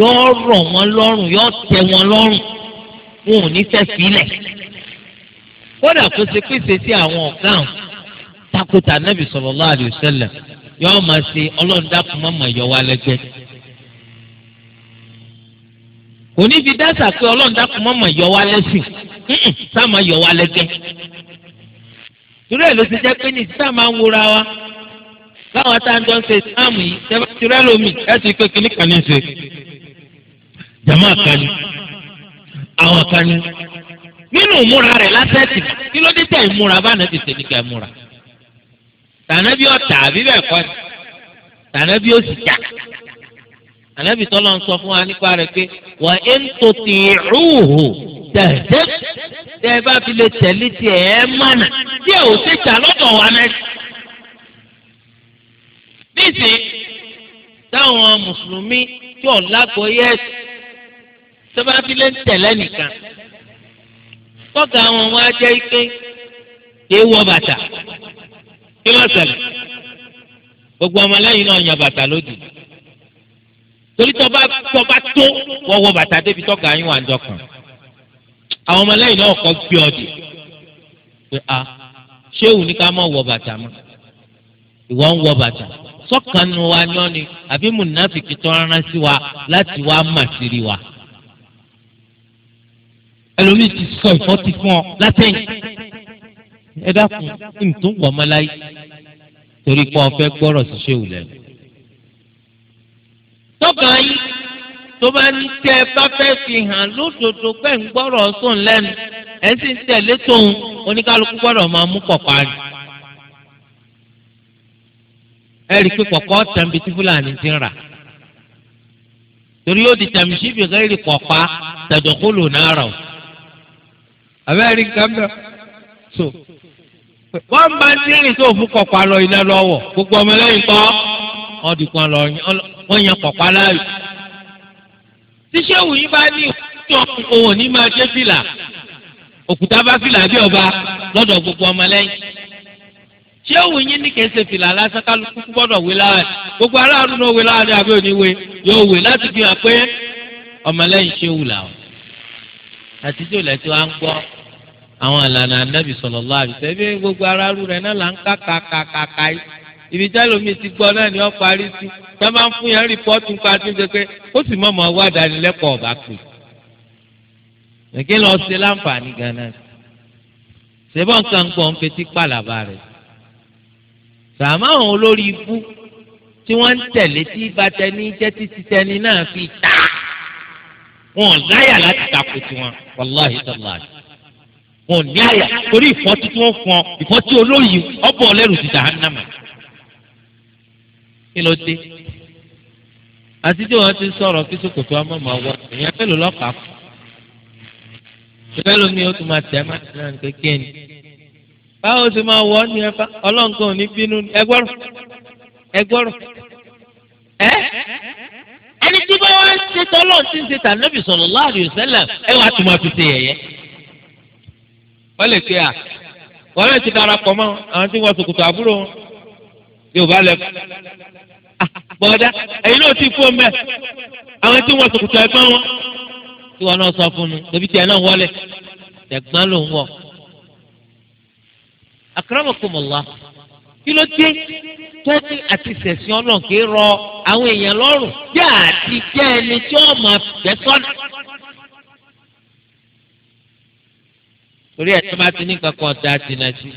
Speaker 1: yóò rọ̀ wọ́n lọ́rùn yóò tẹ́ wọn lọ́rùn wọn ò ní fẹ́ sílẹ̀ kódà kó ṣe pèsè sí àwọn ọ̀gá àwọn takuta nabi sallallahu alayhi wa sallam yọọ máa ṣe ọlọ́run dákun mọ́mọ́ yọ wá lẹ́gbẹ́ kò ní fi dáṣà pé ọlọ́run dákun mọ́mọ́ yọ lẹ́sìn sáà máa lẹ́gbẹ́ turẹ̀ ló ti jẹ́ pé ní sáà ń wúra wa báwa tá a jọ ń ṣe ìsáàmù yìí turẹ̀ lómi ẹ̀ ti pé kìnnìkan ní í ṣe jàmáà kan ní àwọn kan ní
Speaker 3: nínú ìmúra rẹ̀ lásẹ̀tì
Speaker 1: kí ló dé tẹ̀ ìmúra bá nàbì ṣe ní ká ìmúra tànàbí ọ̀tà àbí bẹ́ẹ̀ kọ́ ni tànàbí ó sì jà ànábì tọ́lọ́ ń sọ fún wa nípa rẹ̀ pé wà á ń tó ti rúhù tẹ̀sẹ̀ tẹ́ bá fi lè tẹ̀lé tí ẹ ẹ́ mànà tí ẹ ò ṣe jà lọ́dọ̀ wa náà. níṣẹ́ táwọn mùsùlùmí tí ò lágbóyè
Speaker 2: ẹ̀sìn sọ́bàbílẹ̀ ń tẹ̀lé nìkan
Speaker 1: tọ́ka àwọn ọmọ ajá ike
Speaker 2: kìí wọ bàtà kí ló ṣẹlẹ̀
Speaker 1: gbogbo ọmọlẹ́yìn náà yan bàtà lódì torí tọba tọba tó wọ́wọ́ bàtà débi tọ́ka yín wà ń dọkàn àwọn ọmọlẹ́yìn náà kọ́ gbé ọdì pé a ṣéwù ní ká mọ̀ wọ bàtà mọ́ ìwọ ń wọ bàtà sọ́kànnù wa ni ni àbí mùnàfíkì tó rán sí wa láti wá màsírí wa ẹlòmíì ti sọ ìfọ́ ti fún ọ látẹ̀yìn ẹ dákun ní tó ń wọ ọmọ láyé torí pé ọfẹ gbọ́rọ̀ sí ṣéwù lẹ́nu.
Speaker 2: tọ́ka yín tó
Speaker 1: bá ní tẹ́ ẹ bá fẹ́ fi hàn lódodo pé ń gbọ́rọ̀ sùn lẹ́nu ẹ̀ sì ń tẹ̀lé tóun oníkálukú gbọ́dọ̀ máa mú pọ̀pá ni. ẹ rí i pé pọ̀pá tẹ̀m̀bì tí fúlàní ti ń rà torí ó di tẹ̀m̀bì síbi rẹ̀ pọ̀pá tẹ̀dọ̀kúlù náà o abẹ́rẹ́ nǹkan so wọ́n bá ti rìn tó fún kọ̀pá lọ ilé lọ́wọ́ gbogbo ọmọ lẹ́yìn kọ́ wọ́n di kan lọ wọ́n yan kọ̀pá láàyò tíṣẹ́wù yìí bá ní ìwọ̀n òun ní máa dé fìlà òkúta bá fìlà bí ọba lọ́dọ̀ gbogbo ọmọ lẹ́yìn tíṣẹ́wù yìí ní kìí ṣe fìlà lásán kálukú gbọ́dọ̀ wé láàrin gbogbo aráàlú náà wé láàrin àbí òní wé yóò wé láti fi hàn pé ọmọ lẹ́yìn ṣéwù làwọn àtijọ́ ilẹ̀ tí wọ́n á ń gbọ́ àwọn àlànà anábì sallallahu alaihi wasallam ẹbí gbogbo ara rú rẹ̀ náà là ń ká kàkàkàkà yìí ibi jálòmí ti gbọ́ náà ni ó parí sí tá a máa ń fún yẹn rìpọ́tù nípa tó ń ṣe pé ó sì mọ̀mọ́ wá dánilẹ́kọ̀ọ́ ọ̀bà pè ẹ̀kẹ́ lọ ṣe láǹfààní gan-an ṣèbọ̀ nǹkan gbọ̀n fetí pàlàbà rẹ̀ sàmà olórí ibú tí wọ́n ń tẹ̀lé tí bàtẹ́ni jẹ́ títí tẹni náà fi tà wọ́n láyà láti takò tiwọn wàláhìí tàláhìí wọn ní àyà torí ìfọ́ tí wọ́n fún ọ ìfọ́ tí olóyè ọ̀bọ̀ ọlẹ́rù ti jahannama. kí ló dé àti tí wọ́n ti sọ̀rọ̀ kí sòkòtò ọmọ mọ̀ wọ èèyàn fẹ́ lò lọ́kàá ni báwo ti máa wọ ọ́ ní ẹ̀fà ọlọ́run ò ní bínú ẹni tí bá wọ́n ṣe ti ń ṣe wọ́n lè pe à wọ́n lè ti darapọ̀ mọ́ àwọn tí wọ́n sòkòtò àbúrò wọn yóò bá lẹ̀ ah, bọ́dá ẹ̀yin náà ti fún ọmọ ẹ̀
Speaker 2: àwọn tí wọ́n sòkòtò ẹ̀gbọ́n wọn
Speaker 1: tí wọ́n náà sọ fún un tóbi tiẹ̀ náà wọlé ẹ̀gbọ́n ló ń wọ̀. akramakumullah kí ló dé tọ́jú àti sẹ̀sìn ọlọ́ọ̀kì rọ àwọn èèyàn lọ́rùn bí àti jẹ́ ẹni tí wọ́n máa fẹ́ sọ́nà. torí ẹ̀ tó bá ti ní kankan da jìnnà sí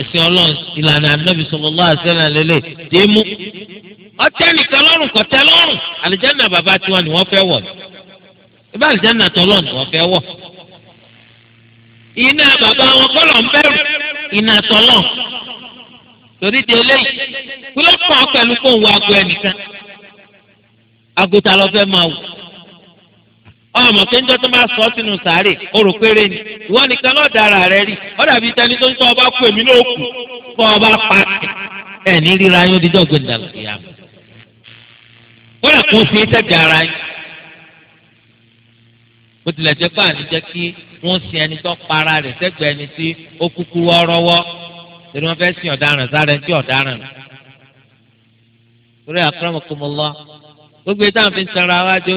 Speaker 1: ẹ̀sìn ọlọ́run ìlànà anábì sallallahu alaihi wasallam lélẹ̀ dé mú ọtẹ nìkan lọ́rùn kọ̀tẹ́ lọ́rùn àlìjáná bàbá tiwọn ni wọ́n fẹ́ wọ̀ ibà àlìjáná tọ́lọ̀ ni wọ́n fẹ́ wọ̀
Speaker 2: iná bàbá wọn kọ́lọ̀ ń bẹ̀rù
Speaker 1: iná tọ́lọ̀ torí di eléyìí
Speaker 2: kúlọ́pọ̀ pẹ̀lú kó wọ aago ẹnìkan
Speaker 1: aago ta máa wò ọmọ pé tó máa sọ sàárè o ni ìwọ nìkan náà dára rẹ rí ọ dàbí tẹni tó ń ọba kú èmi náà kù ọba pa ní ríra yín ìyá mi. kó fi ara yín bó tilẹ̀ jẹ́ pé kí wọ́n sin ẹni tó para rẹ̀ sẹ́gbẹ̀ẹ́ ẹni tí ó kúkú wọ́ọ́rọ́wọ́ fẹ́ sin ọ̀daràn sáré ọ̀daràn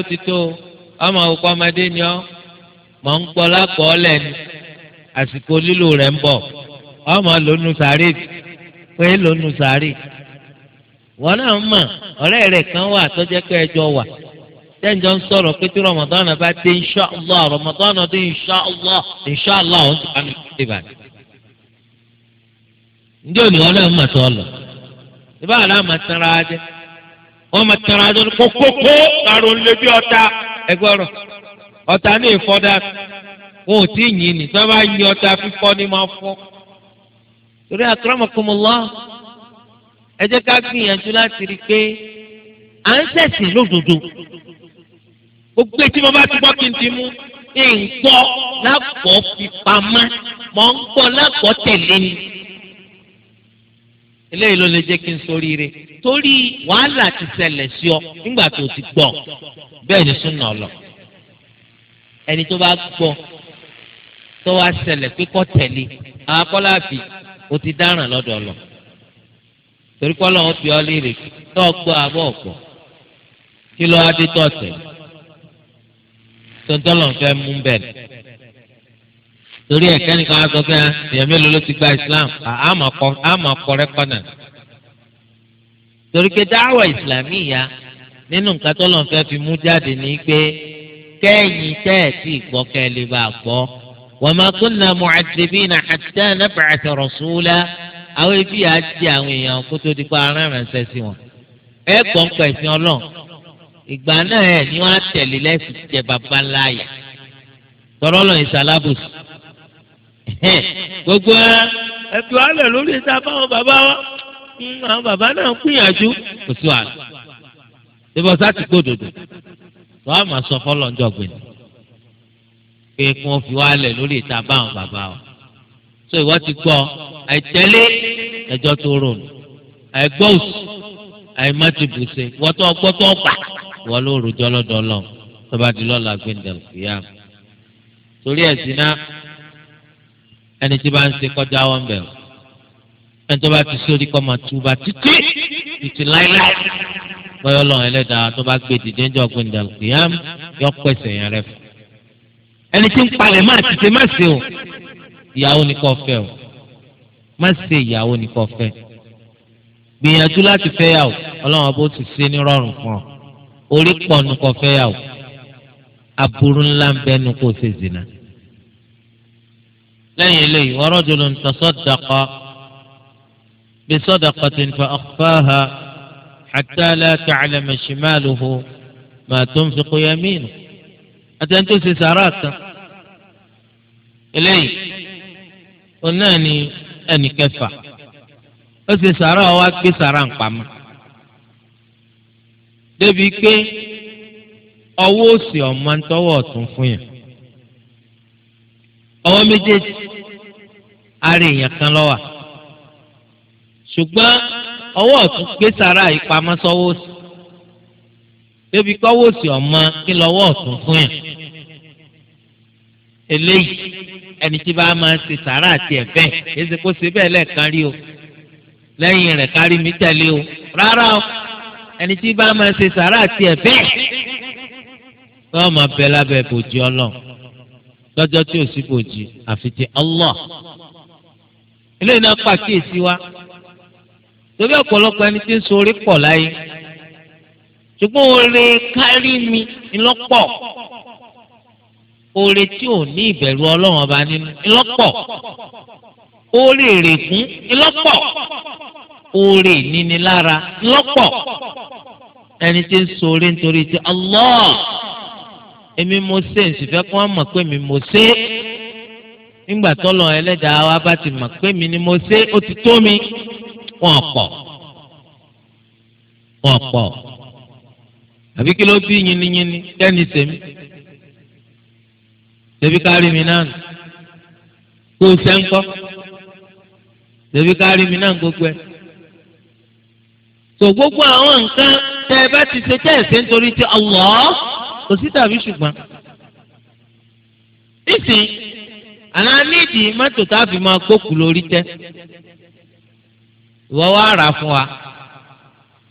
Speaker 1: ti tó ọmọ òkú ọmọdé ni ọ mọ ń gbọ́ lápọ̀ọ́lẹ̀ ni àsìkò lílo ń ọmọ lónú sàárè pé lónú sàárè wọn náà mọ ọ̀rẹ́ rẹ kan wà tó jẹ́ ẹjọ wà ń bá dé dé ti ndị onìwọ́n náà mọ̀ tó lọ ìbára máa tẹ̀ra ajẹ́ wọ́n máa kókókó ẹgbọ́rọ̀ ọta ní ìfọ́dà
Speaker 2: wọn ò tí ì yìn ní tí wọ́n
Speaker 1: torí ẹ jẹ́ ká gbìyànjú láti rí pé à ń lódodo gbogbo etí mo bá ti mọ̀ ń gbọ́ ni eléyìí ló lè jẹ́ kí n So torí wàhálà ti sẹlẹ̀ sí ọ nígbà tó ti gbọ́ bẹ́ẹ̀ ni súnà lọ ẹni tó bá gbọ́ tó wá ṣẹlẹ̀ tẹ̀lé akọ́láàfin o ti dáràn lọ́dọ̀ lọ torí kọ́ lọ́wọ́ fi léèrè tó gbọ́ abọ́ ọ̀pọ̀ kí lọ́wọ́ torí ẹ̀kẹ́ nìkan sọ ló ti gba Islam kọ́ torí pé dáwà ìsìlámíyà nínú nǹkan tó lọ́n fẹ́ fi mú jáde ní pé kẹ́yìn tẹ́ẹ̀tì gbọ́ kẹ́ lè bá a gbọ́ wa ma kunna mu'azzibina hatta nab'atha rasula àwọn ibi yà á di àwọn èèyàn kó tó di pa aránránṣẹ́ sí wọn. ẹ gbọ́ ń pẹ̀ sí ọlọ́run ìgbà náà ẹ̀ ni wọ́n á tẹ̀lé lẹ́sìn jẹ bàbá láàyè tọ́rọ́ lọ ìsàlábùsù gbogbo ẹ ẹ fi wàhálẹ̀ lórí ìta fáwọn bàbá wa. Hmm, àwọn bàbá náà ń gbìyànjú kò sí wàhálà ìbọn sá ti gbódòdò wàá máa sọ fọlọ́njọ́ gbìyànjú pé kí wọ́n fi wálẹ̀ lórí ìta bá àwọn bàbá wa so ìwọ ti gbọ́ àìtẹ́lé ẹjọ́ tó rò nù àìgbọ́ òsì àìmọ́ ti bùṣe ìwọ tó gbọ́ tó gbà ìwọ ló rojọ́ lọ́dọ̀ ọlọ́run tó bá di lọ́la gbẹ̀ndẹ̀ ìyá torí ẹ̀sìn náà ẹni tí bá ń ṣe kọjá wọn bẹ̀rù ẹnitọ́ bá ti sórí kọ́ máa túbà títí títí láíláí bọ́yọ̀ Ọlọ́run ẹlẹ́dàá tó bá gbé dìde ńjọ́ ọ̀gbìn dàlùkìyàm yọ pẹ̀sẹ̀ yẹn rẹ fún. ẹni tí ń palẹ̀ máa tètè má ṣe o ìyàwó ni kò fẹ́ o má ṣe ìyàwó ni kò fẹ́ gbìyànjú láti fẹ́ yà o Ọlọ́run ọba ti ṣe ní rọrùn fún ọ orí pọ̀ nu kò fẹ́ yà o
Speaker 3: aburú ńlá ń bẹ́nu
Speaker 1: kó o ṣe zina lẹ́yìn eléyìí wọ́rọ́ jòló ń tọ́sọ́ dàkọ́. بصدقة فأخفاها حتى لا تعلم شماله ما تنفق يمينه أتنتو سسارات إليه قلناني أني أني كفى أسسارة وأكي ساران قام débi pé ọwọ́ òsì ọmọ ń tọwọ́ ọ̀tún fún yẹn ṣùgbọ́n ọwọ́ ọ̀tún gbé sàrà ìpamọ́ sọ́wọ́ sí débi kọ́wọ́ sí ọmọ kí lọ́wọ́ ọ̀tún fún yàn
Speaker 2: eléyìí ẹni tí bá
Speaker 1: máa ṣe sàrà àti ẹ̀fẹ́ èsì kó ṣe bẹ́ẹ̀ lẹ́ẹ̀kan rí o lẹ́yìn rẹ̀ kárí mi tẹ̀lé o rárá o ẹni tí bá máa ṣe sàrà àti ẹ̀fẹ́ yóò máa bẹ lábẹ́ bòjì ọlọ́run lọ́jọ́ tí ò sí bòjì àfi ti Allah eléyìí náà pàkíyèsí wa torí ọ̀pọ̀lọpọ̀ ẹni tí ń sori pọ̀ láyé ṣùgbọ́n oore kárí mi ńlọ́pọ̀ oore tí ò ní ìbẹ̀rù ọlọ́run ọba nínú ńlọ́pọ̀ oore èrèkún ńlọ́pọ̀ oore ìnínilára ńlọ́pọ̀ ẹni tí ń sori nítorí ti Allah èmi mo ṣe ǹsì fẹ́ kó wọ́n mọ̀ pé mi mo ṣe nígbà tọ́lọ̀ ẹlẹ́dàá wa bá ti mọ̀ pé mi ni mo ṣe ó ti tó mi wọn pọ̀ wọn pọ̀ àbí kí ló bí yiniyini tẹ́ni sèmi
Speaker 2: tẹ̀bí kárí mi náà kó o sẹ́ńkọ́ tẹ̀bí kárí mi náà gbogbo ẹ̀
Speaker 1: tó gbogbo àwọn nǹkan tẹ́ ẹ bá ti ṣe tẹ́ ẹ̀ ṣe nítorí ti Allah kò sí tàbí ṣùgbọ́n nísìnyí àná nídìí mọ́tò tá a fi máa gbókù lórí tẹ́ ìwọ wá rà fún wa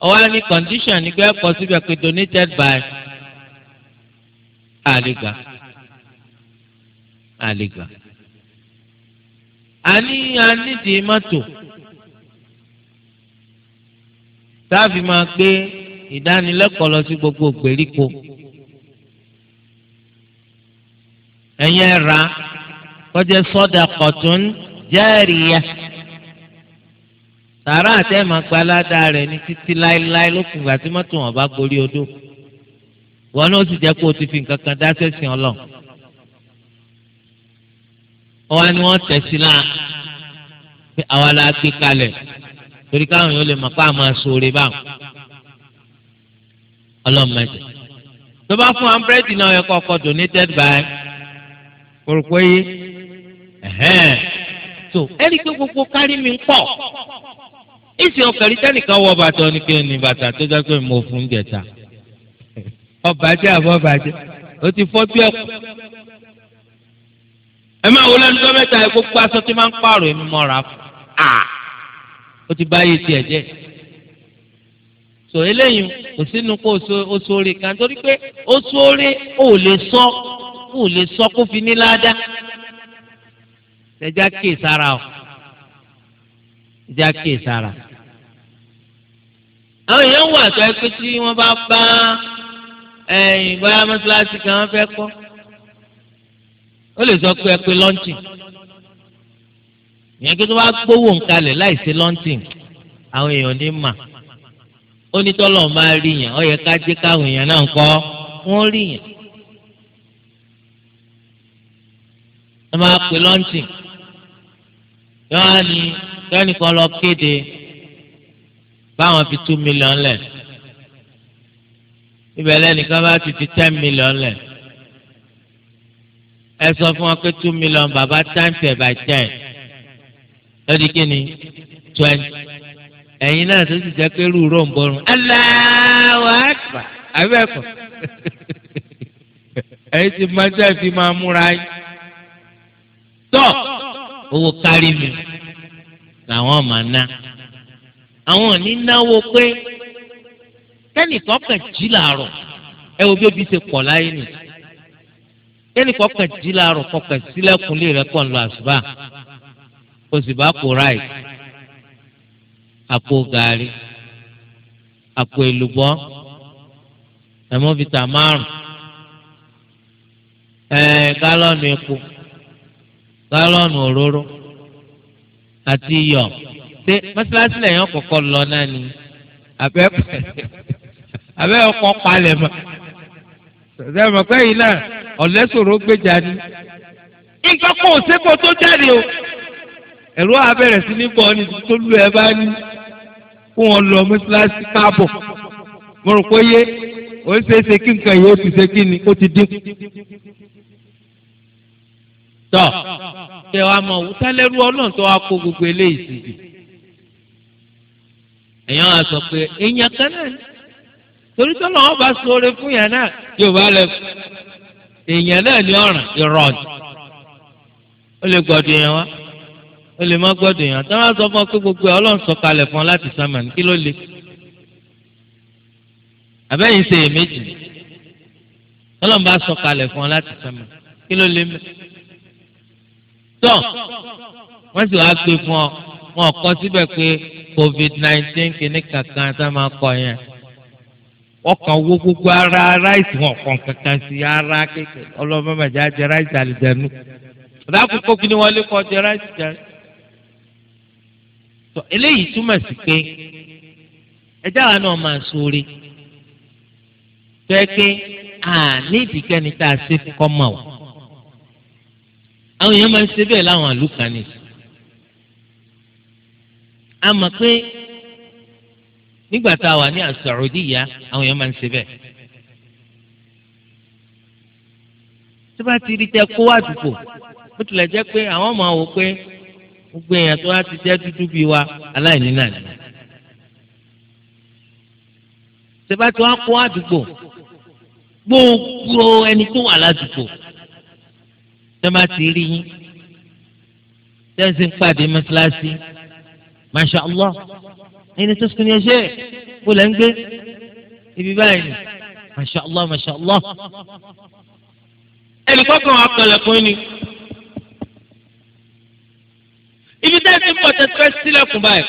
Speaker 1: ọwọ́ ní condition nígbà ẹ̀kọ́ síbẹ̀ pé donated by àlìgbà àlìgbà
Speaker 2: Ani anídìí mọ́tò
Speaker 1: táàfì máa gbé ìdánilẹ́kọ̀ọ́ lọ sí gbogbo ìgbèríko ẹ̀yẹ́ ra kọjá sọ́dà kọ̀tún jẹ́rìíyà sàárà àtẹ́ máa gba aládàá rẹ̀ ní títí láéláé lókun ìgbà tí mọ́tò wọn bá gorí odó wọn náà sì jẹ́ pé o ti fi nǹkan kan dá sẹ́sìn ọlọ́run wọn ni wọ́n tẹ̀sí náà pé àwa la gbé kalẹ̀ torí káwọn yóò lè mọ̀ pé a máa ṣoore báwọn ọlọ́run mẹ́jọ tó bá fún wa búrẹ́dì náà yẹ kó ọkọ̀ donated by kòròkó yìí ẹ̀hẹ́n tó ẹ̀rí pé gbogbo kárí mi ń pọ̀ ìsì ọkàrí tẹnìkan wọ bàtà ni kí ni bàtà tó jẹ́ pé mo fún jẹta ọbàjẹ́ àbọ̀bàjẹ́ ó ti fọ́ bí ẹ̀kú. ẹ máa wọlé ẹnu tó mẹ́ta ẹ gbogbo aṣọ tí máa ń pààrọ̀ èmi mọ́ra a ó ti báyé tiẹ̀ jẹ́ sọ eléyìí kò sínú kó o sóore kan torí pé o sóore o lè sọ o lè sọ kó fi ní ládàá ṣẹjá kè sára o ìjà kíyè Sara, àwọn èèyàn wà tó ẹ pé tí wọ́n bá bá ẹ̀yìn bóyá mọ́ṣáláṣí kan wọ́n fẹ́ kọ́ ó lè sọ pé ẹ pé lọ́ńtì ìyẹn kí tó bá gbówó nkalẹ̀ láì sí lọ́ńtì àwọn èèyàn ní mà ó ní tọ́lọ̀ máa rí yẹn ó yẹ ká jẹ́ káwọn èèyàn náà kọ́ wọ́n rí yẹn. ẹ máa pè lọ́ńtì yọ́n á ní kẹ́nìkan lọ kéde báwọn fi two million lẹ̀ ibẹ̀ lẹ́nìkan bá ti fi ten million lẹ̀ ẹ sọ fún wa pé two million bàbá times ẹ̀ by ten lọ́dí kí ni twenty ẹ̀yin náà tó sì jẹ́ pé rú rò ń bọ̀rùn
Speaker 2: Allahu Akbar
Speaker 1: abẹ́ẹ̀kọ́ ẹ̀yin ti máa jẹ́ fi máa múra yín tọ́ owó kárí mi làwọn máa ná àwọn ò ní náwó pé kẹ́nìkan kàn jí làárọ̀ ẹ wo bí obi ṣe pọ̀ láyé nì kẹ́nìkan kàn jí làárọ̀ kọkàn sílẹ̀kùnlé rẹ̀ kàn lọ àṣùbà
Speaker 2: kò sì bá kó ráì
Speaker 1: àpò gàárì àpò èlùbọ́ ẹ̀mọ́fìtà márùn ẹ̀ gálọ́ọ̀nù epo gálọ́ọ̀nù òróró àti iyọ̀ ṣé mọ́ṣáláṣí lẹ́yìn ọ̀kọ̀ọ̀kọ̀ lọ náà ni àbẹ́ ọkọ̀ palẹ̀ mọ́ ṣe mọ̀ pé yìí náà ọ̀lẹ́sọ̀rọ̀ gbéjà ni nǹkan kò sépò tó jáde o ẹ̀rọ abẹ́rẹ́ sí ní bọ́ọ̀ ni tó lù ẹ bá ní kó wọn lọ mọ́ṣáláṣí káàbọ̀ mo rò pé yé ó ṣeé ṣe kí nǹkan yìí ó ti ṣe kí ni ó
Speaker 3: ti dínkù
Speaker 2: tọ́ ṣé wàá mọ òwúsálẹ́rú ọlọ́run tó wàá kó gbogbo eléyìí sí i. èèyàn á
Speaker 3: sọ
Speaker 1: pé èèyàn kan náà ni torí tọ́lọ̀ wọn bá sọ̀rọ̀ fún yàn náà yóò bá lẹ fún èèyàn náà ni ọ̀ràn ìrọ̀n ó lè gbọ́dọ̀ yẹn wá ó lè má gbọ́dọ̀ yẹn tó wàá sọ fún ọ pé gbogbo ọlọ́run sọ kalẹ̀ fún ọ láti sàmà kí ló le
Speaker 3: àbẹ́yìn ṣe èméjì ọlọ́run bá sọ kalẹ̀ fún ọ láti sàmà kí ló le mẹ́ta tọ́
Speaker 2: wọ́n sì wáá pé fún ọ
Speaker 1: wọn kọ síbẹ̀ pé covid nineteen kìíní kankan tá a máa kọ yẹn wọ́n kàn wó gbogbo ara ráìsì wọn kàn kankan sí ara kékeré ọlọ́mọ mẹ́jọ jẹ ráìsì àlìjẹnu ọ̀dàkùn kókì ni wọ́n lè kọ́ jẹ ráìsì jẹ. tọ́ eléyìí túmọ̀ sí pé ẹjẹ́ àwọn náà máa sóore tẹ́ pé àní ìdíkẹ́ni tá a ṣe fún kọ́ mọ̀ wá àwọn èèyàn máa ń ṣe bẹ́ẹ̀ láwọn àlù kan ni a mọ̀ pé
Speaker 2: nígbà tá a wà ní Saudiya
Speaker 1: àwọn èèyàn máa ń ṣe bẹ́ẹ̀ tó bá ti rí tẹ kó àdúgbò ó tilẹ̀ jẹ́ pé àwọn máa wò pé gbogbo èèyàn tó wá ti jẹ́ dúdú bíi wa aláìní náà ni tẹ bá ti wá kó àdúgbò gbogbo ẹni tó wà ládùúgbò tẹ́lẹ̀ bá ti rí yín tẹ́lẹ̀ sì ń pàdé mọ́sálásí masha allah ẹni tó sùn ní ẹṣẹ́
Speaker 2: kó lẹ́ ń gbé ibi báyìí
Speaker 1: masha allah masha allah ẹnìkan kan wà kọlẹ̀kùn ni
Speaker 3: ibi tẹ́lẹ̀ sì ń pọ̀ tẹ́tẹ́ sílẹ̀kùn báyìí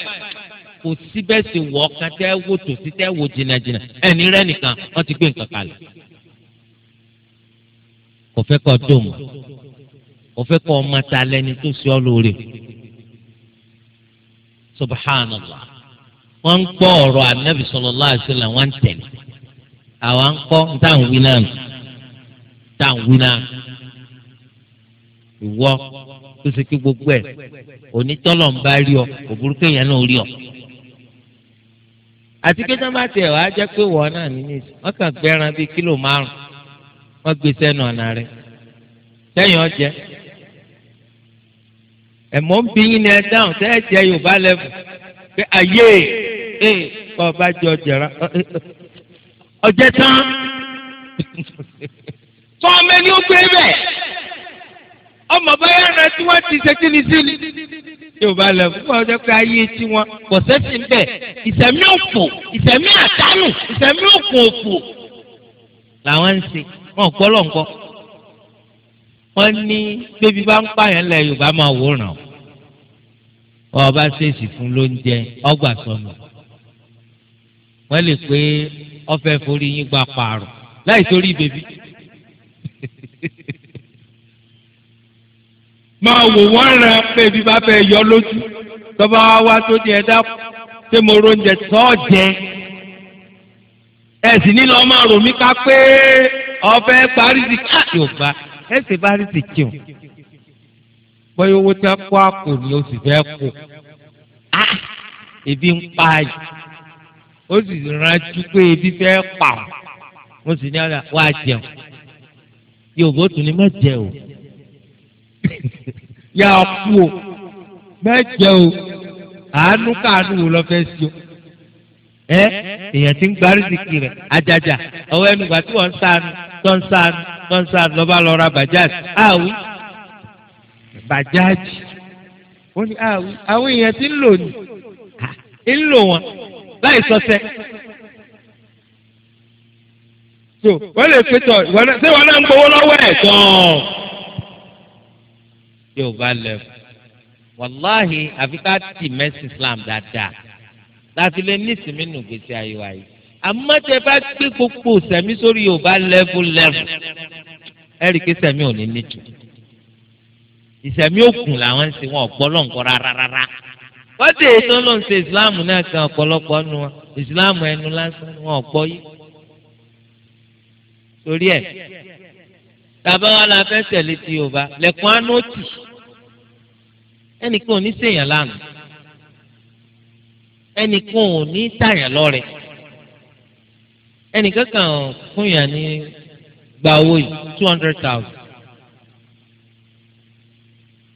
Speaker 1: kò síbẹ̀ sí wọ́ kan tẹ́ wò tòsí tẹ́ wò jìnnàjìnnà ẹni rẹ nìkan wọ́n ti gbé nǹkan kalẹ̀ kò fẹ́ kọ́ dùn mọ́. òfẹ́ kọ́ ọmọ ta lẹ́ni tó sí ọ lóore subhanallah wọ́n ń gbọ́ anabi sọlọ alaihi wasallam la ń tẹ̀lé àwa ń kọ́ ń tàn wí náà tàn wí náà ìwọ
Speaker 2: gbogbo ẹ̀ onítọ́lọ̀ ń bá rí ọ òbúrúkẹ́ yẹn náà ọ.
Speaker 1: àti pé bá wá jẹ́ pé wọ́n náà kílò márùn-ún wọ́n gbé sẹ́nu ọ̀nà rẹ̀ ẹ̀mọ́ ń bí yín ni ẹ dáhùn tẹ́ ẹ jẹ́ yorùbá lẹ́fù pé ayé ẹ̀ kọ́ ọba jẹ ọjàrá ọjẹ́ tán
Speaker 3: fún ọmọ ẹni ó gbé bẹ̀
Speaker 1: ọmọ báyà náà tí wọ́n ti ṣe kí ni sí ni yorùbá lẹ́fù fún ọjọ́ pé ayé tí wọ́n kò sẹ́sìn bẹ̀ ìsẹ̀mí òfò ìsẹ̀mí àtánù ìsẹ̀mí òkun òfò làwọn ń ṣe wọn gbọ́ lọ́nkọ́ wọ́n ní bébí bá ń pààyàn lẹ̀ yorùbá máa wòran o ọba ṣèṣì fún lóúnjẹ ọgbà sọnù wọ́n lè pé ọfẹ́ forí yín gba pààrọ̀ láì torí bèbí.
Speaker 3: máa wò wọ́n rẹ pé
Speaker 1: ibi bá fẹ́ yọ lójú tọ́ba wa tó di ẹ̀dá ṣé mo róúnjẹ tọ́ jẹ ẹ̀sìn nílò ọmọ àròmí ká pé ọfẹ́ parí ti ká yóò bá ẹ̀sìn parí ti kí o bóyá owó tẹ́ kó àpò ni o sì fẹ́ kó a ah! ebi ń pa yìí ó sì rántí pé ebi fẹ́ pa ọ́ mo sì ní ọ̀la wá jẹun Yorùbá tún ní má jẹ o yà á kú o má jẹ o àánú káàánú wò lọ fẹ́ sí o ẹ èèyàn ti ń gba rìsíkì rẹ̀ ajaja ọwọ́ ẹnu gbà tí wọ́n ń sànù tó ń sànù tó ń sànù lọ́ba lọ́ra bàjáde àwí bàjáàjì ó ní ah, àwọn èèyàn ti ń lò ní ń lò wọn
Speaker 3: láì sọsẹ.
Speaker 2: so
Speaker 1: wọ́n lè pe tọ̀ ṣé wọn náà ń gbowó lọ́wọ́ ẹ̀ tán. yóò bá lẹ̀ wàláhì àfi ká tì mẹ́sì Islam dáadáa láti lè ní ìsinmi nù gbèsè ayé wa yìí àmọ́ bá gbé gbogbo sẹ̀mí sórí Yorùbá level level ẹ̀rí kí sẹ̀mí ò ní níjù ìsẹ̀mí òkun làwọn ń ṣe wọn ọ̀gbọ́ lọ́nkọ́ rárára wọ́n dé ètò ló ń ṣe ìsìláàmù náà kan ọ̀pọ̀lọpọ̀ nu wọn ìsìláàmù ẹnu lásán wọn ọ̀gbọ́ yìí torí ẹ̀ tàbá wa la fẹ́ tẹ̀lé ti yorùbá lẹ́kùn anóòtì ẹnìkan ò ní ṣèyàn lánàá ẹnìkan ò ní tàyàn lọ́rẹ ẹnìkan kan fún yàn ní gba owó yìí two hundred thousand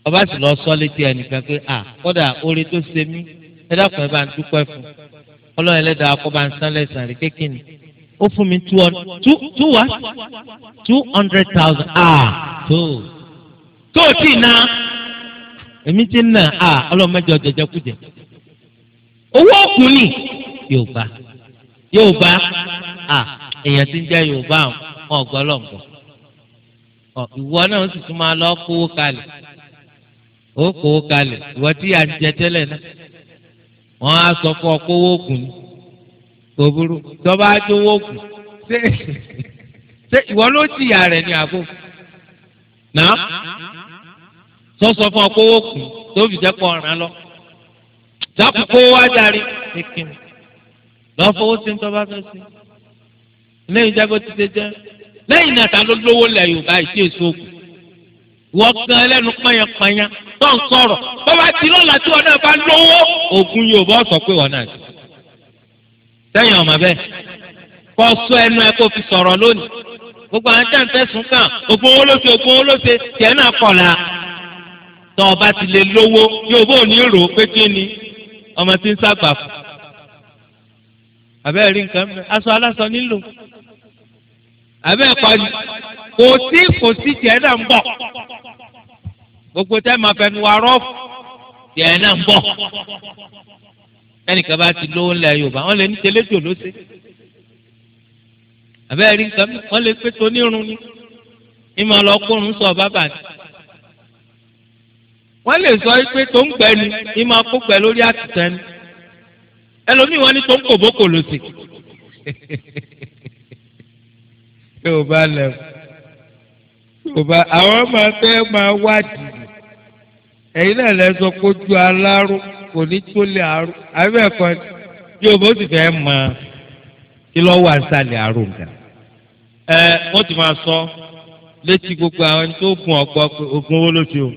Speaker 1: ọba sì lọ sọ létí ẹnìkan pé à kódà oore tó ṣe mí ẹ dákun ẹ bá ń dúpẹ́ fún ọlọ́run ẹlẹ́dàá kó bá ń san lẹ́sàn rí kékeré ó fún mi two two hundred thousand ah tó tó tí ì ná èmi ti ń nà á ọlọ́run mẹ́jọ jẹjẹ kújẹ
Speaker 2: owó ọkùnrin
Speaker 1: yorùbá yorùbá à èèyàn ti ń jẹ yorùbá ọgbọ́lọ́gbọ́ ìwọ náà ó sì tún máa lọ kówó kalẹ̀ ó kó o kalẹ̀ ìwọ tí à ń jẹ tẹ́lẹ̀ náà wọ́n á sọ fún ọ kówó kù ní kò burú tọ́ba á dówó kù ṣé ṣé ìwọ ló jìyà rẹ̀ ní àgbo
Speaker 2: náà sọ́sọ fún ọ kówó kù
Speaker 1: tó fi jẹ́ pọ̀ ọ̀ràn lọ
Speaker 2: dákun kó wá darí
Speaker 1: kíkìn lọ́ọ́ sí tọ́ba fẹ́ sí lẹ́yìn jẹ́ ti ṣe jẹ́ lẹ́yìn náà ta ló lówó lẹ̀ Yorùbá ìṣe èso ògùn wọ́n gan ẹlẹ́nu pányápányá tó ń sọ̀rọ̀ bàbá tí lọ́la tí wọn náà bá lówó ògùn yóò bọ́ sọ pé wọn náà ti. sẹ́yìn ọ̀mọ̀ bẹ́ẹ̀ kọ́ sọ ẹnu ẹ kó fi sọ̀rọ̀ lónìí gbogbo àwọn ajá ń tẹ̀sùn kàn ògùn owó lóṣè ògùn owó lóṣè tiẹ̀ náà kọ̀la. tọ́ ọ bá ti lè lówó yóò bó ní rò pé kí ni ọmọ tí ń sábà fún. àbẹ́ẹ̀ rí nǹkan mẹ́ aṣọ aláṣọ nílò àbẹ́ẹ̀ kọ́ni kò sí kò sí tiẹ̀ náà ń bọ̀ gbogbo tẹ́ máa fẹnu wa rọ́ọ̀fù
Speaker 3: tiẹ̀ náà ń bọ̀
Speaker 2: ẹnìkan
Speaker 1: bá ti lówó ńlẹ̀ yorùbá wọ́n lè ní tẹ́lẹ́jọ́ ló ṣe àbẹ́rẹ́ rí nǹkan wọ́n lè pé tonírun ni ìmọ̀ lọ kórun sọ bàbà ni wọ́n lè sọ pé tó ń gbẹ ni ìmọ̀ kó gbẹ lórí àtìtẹ́ ni ẹlòmíì wọ́n ní tó ń kòbókò ló ṣe yorùbá lẹ̀ yorùbá àwọn máa fẹ́ máa wádìí ẹ̀yin náà lẹ sọ pé ojú aláró kò ní tó lé àárò àbẹ̀kọ́ yóò bó sì fẹ́ mọ kí lọ́ wà sálẹ̀ àárò nǹkan. ẹ wọ́n ti máa sọ létí gbogbo àwọn ẹni tó gun ọgbọ́ pé ogun owó ló ṣe o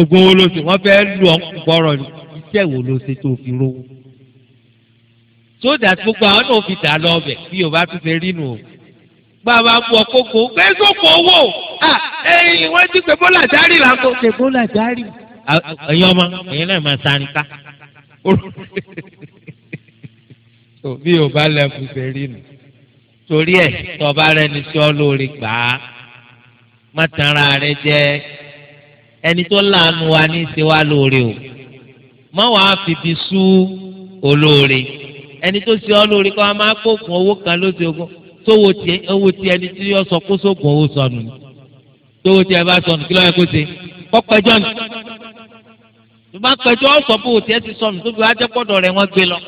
Speaker 1: ogun owó ló ṣe wọ́n fẹ́ lu ọ̀pọ̀rọ̀ iṣẹ́ wo ló ṣe tó fi rówó. sódà gbogbo àwọn náà fi dà lọ ọbẹ̀ bí yorùbá tún fẹ́ rí nù bàbá bu ọkọ̀ kò gbẹ́sọ̀kọ̀
Speaker 3: owó ẹ̀yìn wọ́n ti pè bọ́lá járì làkó.
Speaker 1: pè ẹ̀yin ọmọ ẹ̀yin náà máa sáré ká bí o bá lẹ́kùn fèrè nù torí ẹ̀ tọ́ba rẹ ní tí ọ lóore gbà á má tanra rẹ jẹ ẹni tó láàánú wa ní ṣe wá o má wàá fìdí sú olóore ẹni tó ṣe ọ lóore kọ́ ọ máa kókun owó kan lóṣù ogun tówó tiẹ̀ owó tiẹ̀ ẹni tí yọ sọ kó sóògùn owó sọnù tówó tiẹ̀ bá sọnù kí ló kó ṣe kọ́ pẹ́jọ́ nù ṣùgbọ́n pẹ̀jọ́ sọ fún òtí ẹ ti sọnù tó fi wá jẹ́ pọ́dọ̀ rẹ̀ wọ́n gbé lọ.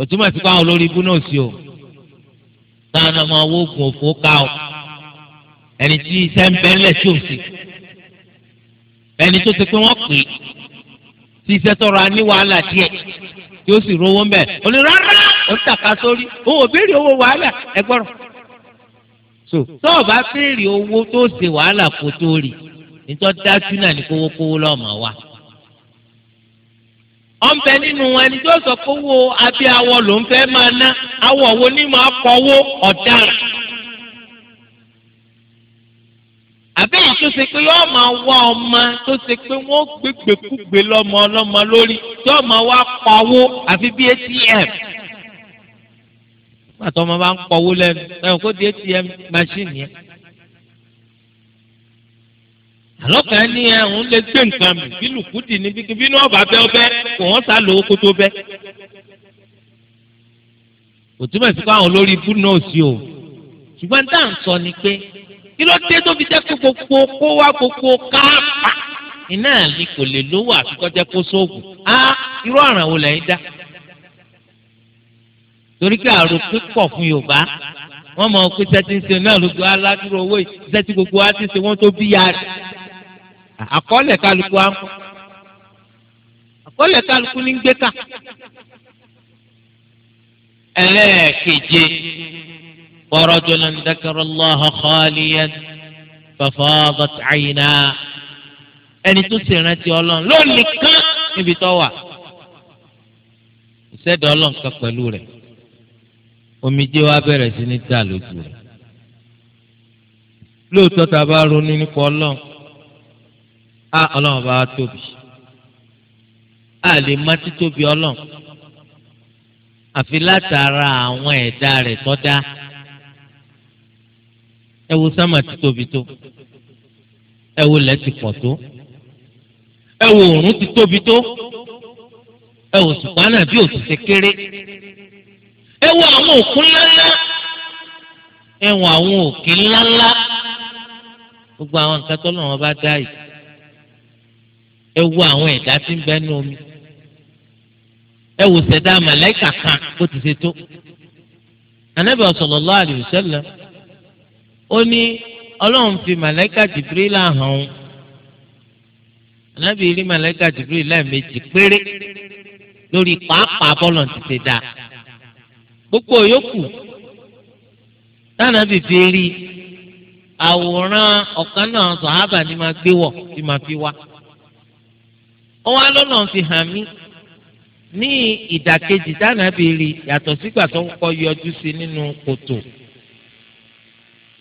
Speaker 1: òtúmọ̀ sí káwọn olórí ibú náà sí o táwọn ọmọ owó oògùn òfò ká o ẹni tí iṣẹ́ ń bẹ́lẹ̀ tí ò sí ẹni tó ti pé wọ́n pè é tí iṣẹ́ tọrọ a ní wàhálà díẹ̀ tí ó sì rówó ń bẹ̀ òní rárá ó ń tàka sórí òun béèrè owó wàhálà ẹgbọ́rọ̀ tó o bá béèrè owó tó ṣe wàhálà kó tó rí i nítorí dájú náà ní kówó kówó lọ́mọ wa. wọ́n nínú ẹni tó sọ kówó abẹ́ awọ ló ń fẹ́ máa ná awọ wo ni máa kọ́wó ọ̀daràn. àbẹ́yìn tó ṣe pé yọ́ọ́ máa wá ọmọ tó ṣe pé wọ́n gbégbèkúgbè lọ́mọ ọlọ́mọ lórí yọ́ọ́ máa wá pawó àfi bí atm pàtó ọmọ bá ń pọ̀wó lẹ́nu ẹ̀hún kó di atm machine yẹn
Speaker 3: àlọ́kàn ni ẹ̀hún lè gbé nǹkan mi bí lùkúdì ní
Speaker 1: bí bínú ọ̀bà bẹ́ ọbẹ̀ kò wọ́n sá lò ó kó tó bẹ́. kò túmọ̀ sí káwọn olórí ibú náà sí o ṣùgbọ́n tá à ń sọ ni pé kí ló dé tó fi jẹ́ pé gbogbo kó wá gbogbo káàpà iná ni kò lè lówó àtúkọ́jẹ́ kó sóògùn á irú ọ̀ràn wo lẹ́yìn dá. torí pé àrò pípọ̀ fún Yorùbá wọ́n mọ̀ pé sẹ́tí ń ṣe náà ló gbọ́ aládùúró owó ìṣẹ́tí gbogbo wa ti ṣe wọ́n tó bí ya rẹ̀ àkọọ́lẹ̀ kálukú á ń kọ́
Speaker 2: àkọọ́lẹ̀ kálukú ní gbé kà
Speaker 1: ẹlẹ́ẹ̀keje warajulan dhakara Allaha khaliyan fafadat ayna ẹni tó sì rántí ọlọ́run lónìí kan níbi tó wà ìṣẹ́dọ̀ ọlọ́run kan pẹ̀lú rẹ̀ omijé wa bẹ̀rẹ̀ sí ní lójú rẹ̀ lóòótọ́ tá a bá ronú nípa ọlọ́run á ọlọ́run bá wa tóbi á lè má títóbi ọlọ́run àfi látara àwọn ẹ̀dá rẹ̀ tó dá ẹ wo sámà títóbi tó ẹ wo lẹ́tì pọ̀ tó ẹ wo òórùn ti tóbi tó ẹ wo sùpánà bí òtún kéré ẹ wo àwọn òkun ńláńlá ẹ wo àwọn òkè ńláńlá gbogbo àwọn nǹkan tó lọ́wọ́ bá dá yìí ẹ wo àwọn ẹ̀dá tí ń bẹ nínú omi ẹ wò sẹ̀dá màláìkà kan bó ti ṣe tó Ànábì sallallahu alayhi wa sallam ó ní ọlọ́run fi màláìkà Jibril hàn ọ́n Ànábì rí màláìkà Jibril lẹ́ẹ̀mejì péré lórí pàápàá bọ́lọ̀ ti ṣe dáa gbogbo yòókù tánàbì fi rí àwòrán ọ̀kan náà sọ̀hábà ni máa gbé wọ̀ tí máa fi wá. ọwọ́ alọ́nà fi hàn mí ní ìdàkejì dánàbí yàtọ̀ sígbà tó ń kọ́ nínú kòtò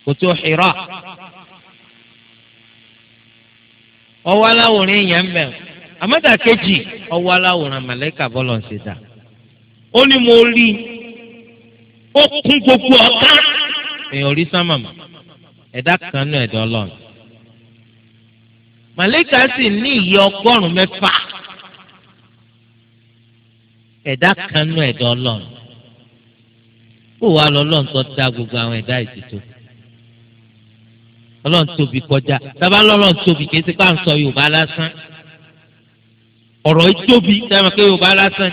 Speaker 1: kòtò Hira ọwọ́ aláwòrán èèyàn mẹ́ àmọ́dàkejì ọwọ́ aláwòrán màlẹ́kà bọ́lọ̀ ń ṣe ó ní mo rí ó kún gbogbo ọ̀tá èèyàn rí màlẹ́kà sì ní ìyẹ́ ọgọ́rùn-ún mẹ́fà ẹ̀dá kan nú ẹ̀dá ọlọ́run kó wàá lọ ọlọ́run tó dá gbogbo àwọn ẹ̀dá ìtìtò ọlọ́run tóbi kọjá tábà lọ́lọ́run tóbi kì í ti pa ń sọ yorùbá lásán ọ̀rọ̀ ìtóbi táwọn akéwì yorùbá lásán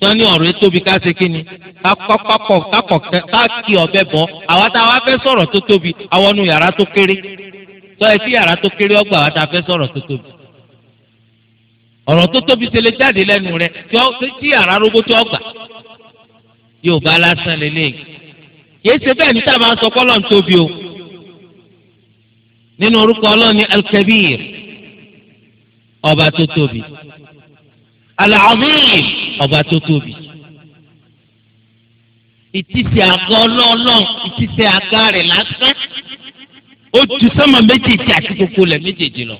Speaker 1: tọ́ ní ọ̀rọ̀ ìtóbi ká ṣe kí ni kákọ̀ọ́kẹ́ ká kí ọ̀bẹ bọ́ àwa táwa fẹ́ sọ̀rọ̀ tó tóbi àwọn ọ̀nù yàrá tó kéré tọ́ ẹ sí yàrá tó kéré ọgbà wa ta fẹ́ sọ̀rọ̀ tó tóbi ọ̀rọ̀ tó tóbi ṣe lè jáde lẹ́nu rẹ tí yàrá roboto ọgbà yóò bá lásán lélẹ́yìn kìí ṣe bẹ́ẹ̀ ní sábà sọ pé Ọlọ́run tóbi o nínú orúkọ Ọlọ́run ní ọba tó tóbi al ọba tó tóbi ìtìsí àgọ́ Ọlọ́run ìtìsí àgá rẹ̀ lásán
Speaker 3: ó ju sánmà méjèèjì àti gbogbo lẹ̀
Speaker 1: méjèèjì lọ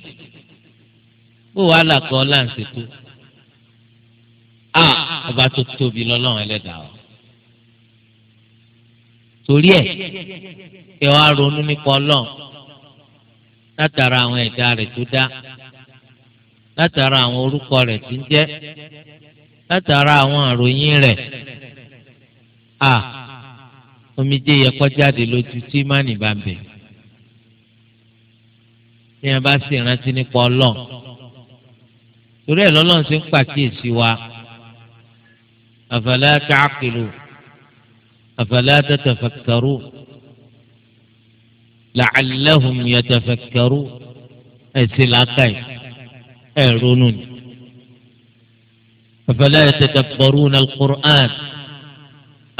Speaker 1: ó wàhálà kan láǹsì tó
Speaker 3: a ọba tó tóbi
Speaker 1: lọ́lọ́run ẹlẹ́dàá o torí ẹ̀ ẹ wá ronú nípa ọlọ́run látara àwọn ẹ̀dá rẹ̀ tó dá látara àwọn orúkọ rẹ̀ tí ń jẹ́
Speaker 2: látara àwọn àròyìn rẹ̀ a ah, omijé yẹ kọjáde lójú
Speaker 1: tí mánì bá tí yẹn bá sì rántí nípa ọlọ́run
Speaker 2: torí ẹ̀ lọ́lọ́run ti ń pàkíyèsí wa
Speaker 1: àfàlẹ́ àtàkìlù àfàlẹ́ àtàtàfàkàrù làálẹ́hùn yàtàfàkàrù ẹ̀sìn làákàyè ẹ̀ ronú ni. أفلا يتدبرون القرآن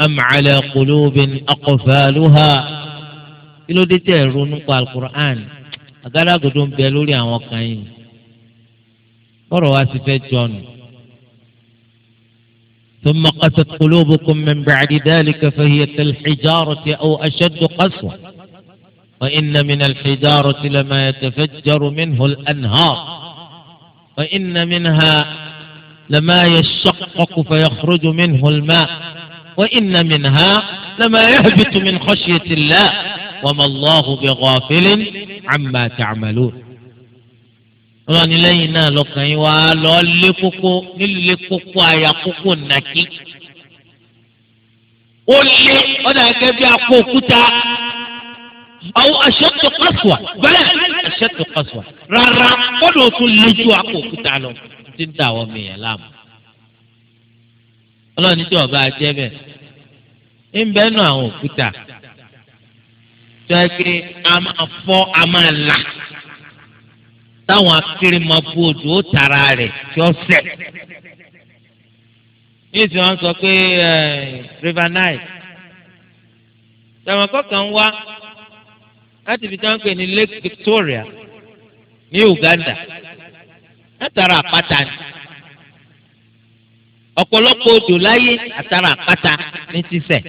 Speaker 1: أم على قلوب أقفالها إلو دي تيرونك القرآن àgádágodo ń bẹ lórí àwọn kan yìí bọ́rọ̀ wa ti fẹ́ jọnu. ثم قست قلوبكم من بعد ذلك فهي كالحجارة أو أشد قسوة وإن من الحجارة لما يتفجر منه الأنهار وإن منها لما يشقق فيخرج منه الماء وإن منها لما يهبط من خشية الله wa ma Allahu bi ghafilin amma ta'malun. ọlọ́ni lẹ́yìn náà lọ́kàn yín wá lọ lé kókó nílé kókó àyà kókó nàkí.
Speaker 2: ó lé ọ̀dà gẹ́gẹ́ bí akó òkúta
Speaker 1: àwọn aṣọ́tò kọ́sùwà bẹ́ẹ̀ aṣọ́tò kọ́sùwà rárá
Speaker 3: kọ́dọ̀ tún lé ju akó òkúta
Speaker 1: lọ tí ń dà wọ́n mìíràn láàmú.
Speaker 3: ọlọ́ni tí ọba jẹ́ bẹ́ẹ̀
Speaker 1: ń bẹ́ẹ̀ nù àwọn òkúta jẹ́ pé a máa fọ́ a máa là táwọn akéré máa bu odò ó tara rẹ̀ tí ó sẹ̀. ní ìsìn wọn sọ pé river nile tẹ̀wọ̀n kọ̀ọ̀kan wá láti fi táwọn pè ní Lake Victoria ní Uganda
Speaker 2: látara àpáta ni
Speaker 1: ọ̀pọ̀lọpọ̀ odò láyé àtara àpáta ní sísẹ̀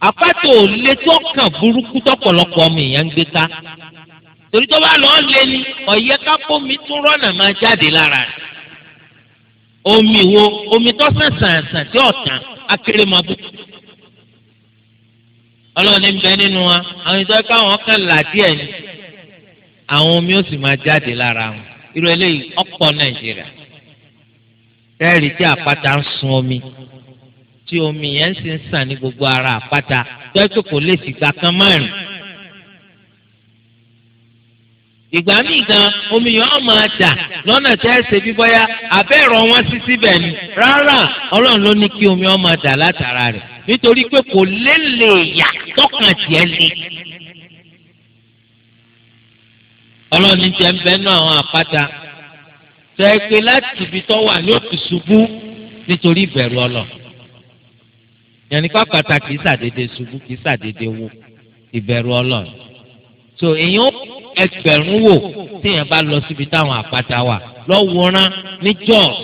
Speaker 1: àpáta ò lè tọkàn burúkú tọ̀pọ̀lọpọ̀ ọmọ èèyàn ń gbé ká torí tó bá lọ lé ní ọ̀yẹ́ kápómi tún rọ́nà máa jáde lára rẹ̀ omi wo omi tó sàn sàn sàn tí ọ̀tàn akéré máa bù ọlọ́run ní bẹ nínú wa àwọn ìjọ káwọn kan là díẹ̀ ni àwọn omi ó sì máa jáde lára wọn irú eléyìí ọ̀pọ̀ nàìjíríà bẹ́ẹ̀ rí tí àpáta ń sun omi tí omi yẹn sì ń sàn ní gbogbo ara àpáta tẹ́tù kò lè fìgbà kan márùn. ìgbà míì gan omi yẹn ọ̀ máa dà lọ́nà tẹ́ ẹ ṣe bíbọ́yá abẹ́rọ̀ wọn sí síbẹ̀ ni rárá ọlọ́run ló ní kí omi ọ̀ máa dà látara rẹ̀ nítorí pé kò lè lè yà tọkàn tiẹ̀ lé. ọlọ́run ní jẹ́ ń bẹ́ nú àwọn àpáta tẹ́ ẹ pé láti ibi tó wà ní òkè ṣubú nítorí ìbẹ̀rù ọlọ́run yẹnni ká kàtà kìí sàdédé ṣubú kìí sàdédé wó ìbẹ̀rù ọlọ́run so èèyàn ẹgbẹ̀rún wò téèyàn bá lọ síbi táwọn àpáta wà lọ́wọ́rán ní Jos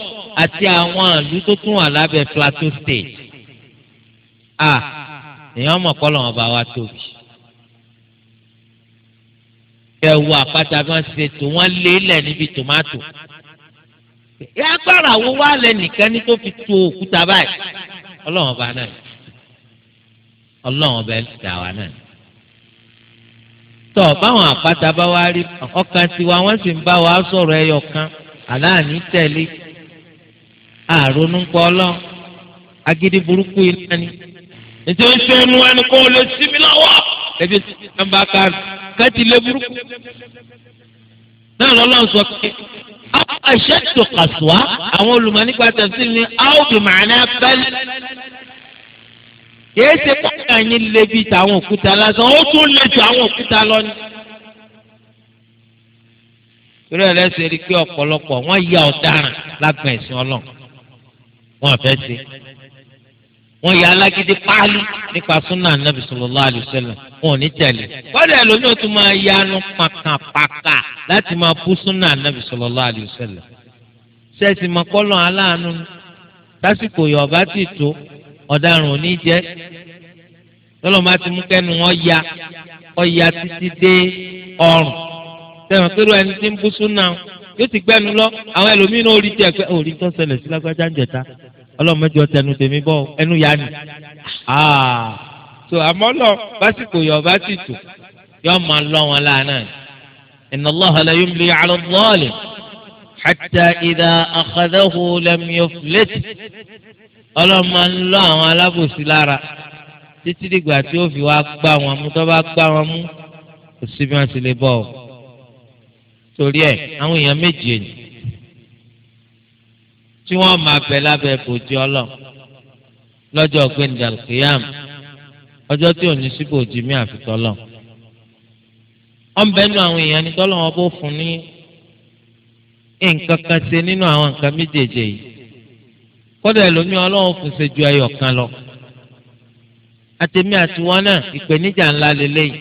Speaker 1: àti àwọn ìlú tó tún wà lábẹ́ Plateau State a èèyàn mọ̀ kọ́ lọ́wọ́ bá wa tóbi ẹ̀wù àpáta kan ṣe tó wọ́n lé lẹ̀ níbi tòmátò ẹ agbára wo wá lẹ nìkan ní tó fi tó òkúta báyìí ọlọ́wọ́n bá náà ọlọ́run ọba ẹlẹ́dàá wa náà tọ báwọn àpáta bá wá rí ọkàn tiwa wọ́n sì ń bá wa sọ̀rọ̀ ẹyọ kan aláàní tẹ̀lé àrònú ń pọ̀ ọlọ́run agídí burúkú iná ni nítorí pé ẹnu ẹni kò lè sí mi lọ́wọ́ ẹbí tí wọ́n bá ká kẹ́tì lé burúkú náà lọ́lọ́run sọ pé àwọn àṣẹ tó kàṣùwá àwọn olùmọ̀ nípa tẹ̀sí ni áwùjọ màánà bẹ́ẹ̀ kìí ṣe kọ́ńtà yín lé bíi tàwọn òkúta lásán ó tún lé ju àwọn òkúta lọ ni. torí ẹ̀ lẹ́sẹ̀ rí i pé ọ̀pọ̀lọpọ̀ wọ́n ya ọ̀daràn lágbọ̀n ẹ̀sìn ọlọ́run wọ́n fẹ́ ṣe.
Speaker 2: wọ́n ya alágídí páálí
Speaker 1: nípa súnà nàbì sallallahu alaihi wasallam wọn ò ní tẹ̀lé. kọ́dà ẹlòmíì ó tún máa yanu pàkàpàkà láti máa bú súnà nàbì sallallahu alaihi wasallam. sẹ́ẹ̀sì mọ́kọ́lọ́ aláàánú lásìkò yọ̀ọ̀bá ti ọ̀daràn ò ní jẹ́ tọ́lọ́mọ àti múkẹ́nu wọn ya ọ̀ya títí dé ọrùn tẹ̀wọ̀n ẹni tí ń bú súnà yóò ti gbẹ́nu lọ àwọn náà ó pé ó rí tó ṣẹlẹ̀ sí lágbájá ń jẹ̀ta ọlọ́mọdé ọ̀tẹnu tèmi bọ́ ah! so àmọ́ hatta idha akhadahu lam yuflit ọlọ́run máa ń lọ àwọn alábòsí lára títí dìgbà tí ó fi wá gbá wọn mú tó bá gbá wọn mú kò sí bí wọ́n ti lè bọ́ ọ. torí ẹ̀ àwọn èèyàn méjì èyí tí wọ́n máa bẹ lábẹ́ bòjì ọlọ́run lọ́jọ́ gbẹ̀ndẹ̀ alqiyam ọjọ́ tí ò ní sí bòjì mí àfitọ́lọ́. ọ̀nbẹ́nu àwọn èèyàn ní tọ́lọ́wọ́n bó fún ní nǹkan kan ṣe nínú àwọn nǹkan méjèèjì yìí kódà ẹlòmíì ọlọ́run fún ṣe ju ẹyọ kan lọ àtẹ̀mí àtiwọn náà ìpèníjà ńlá lélẹ́yìí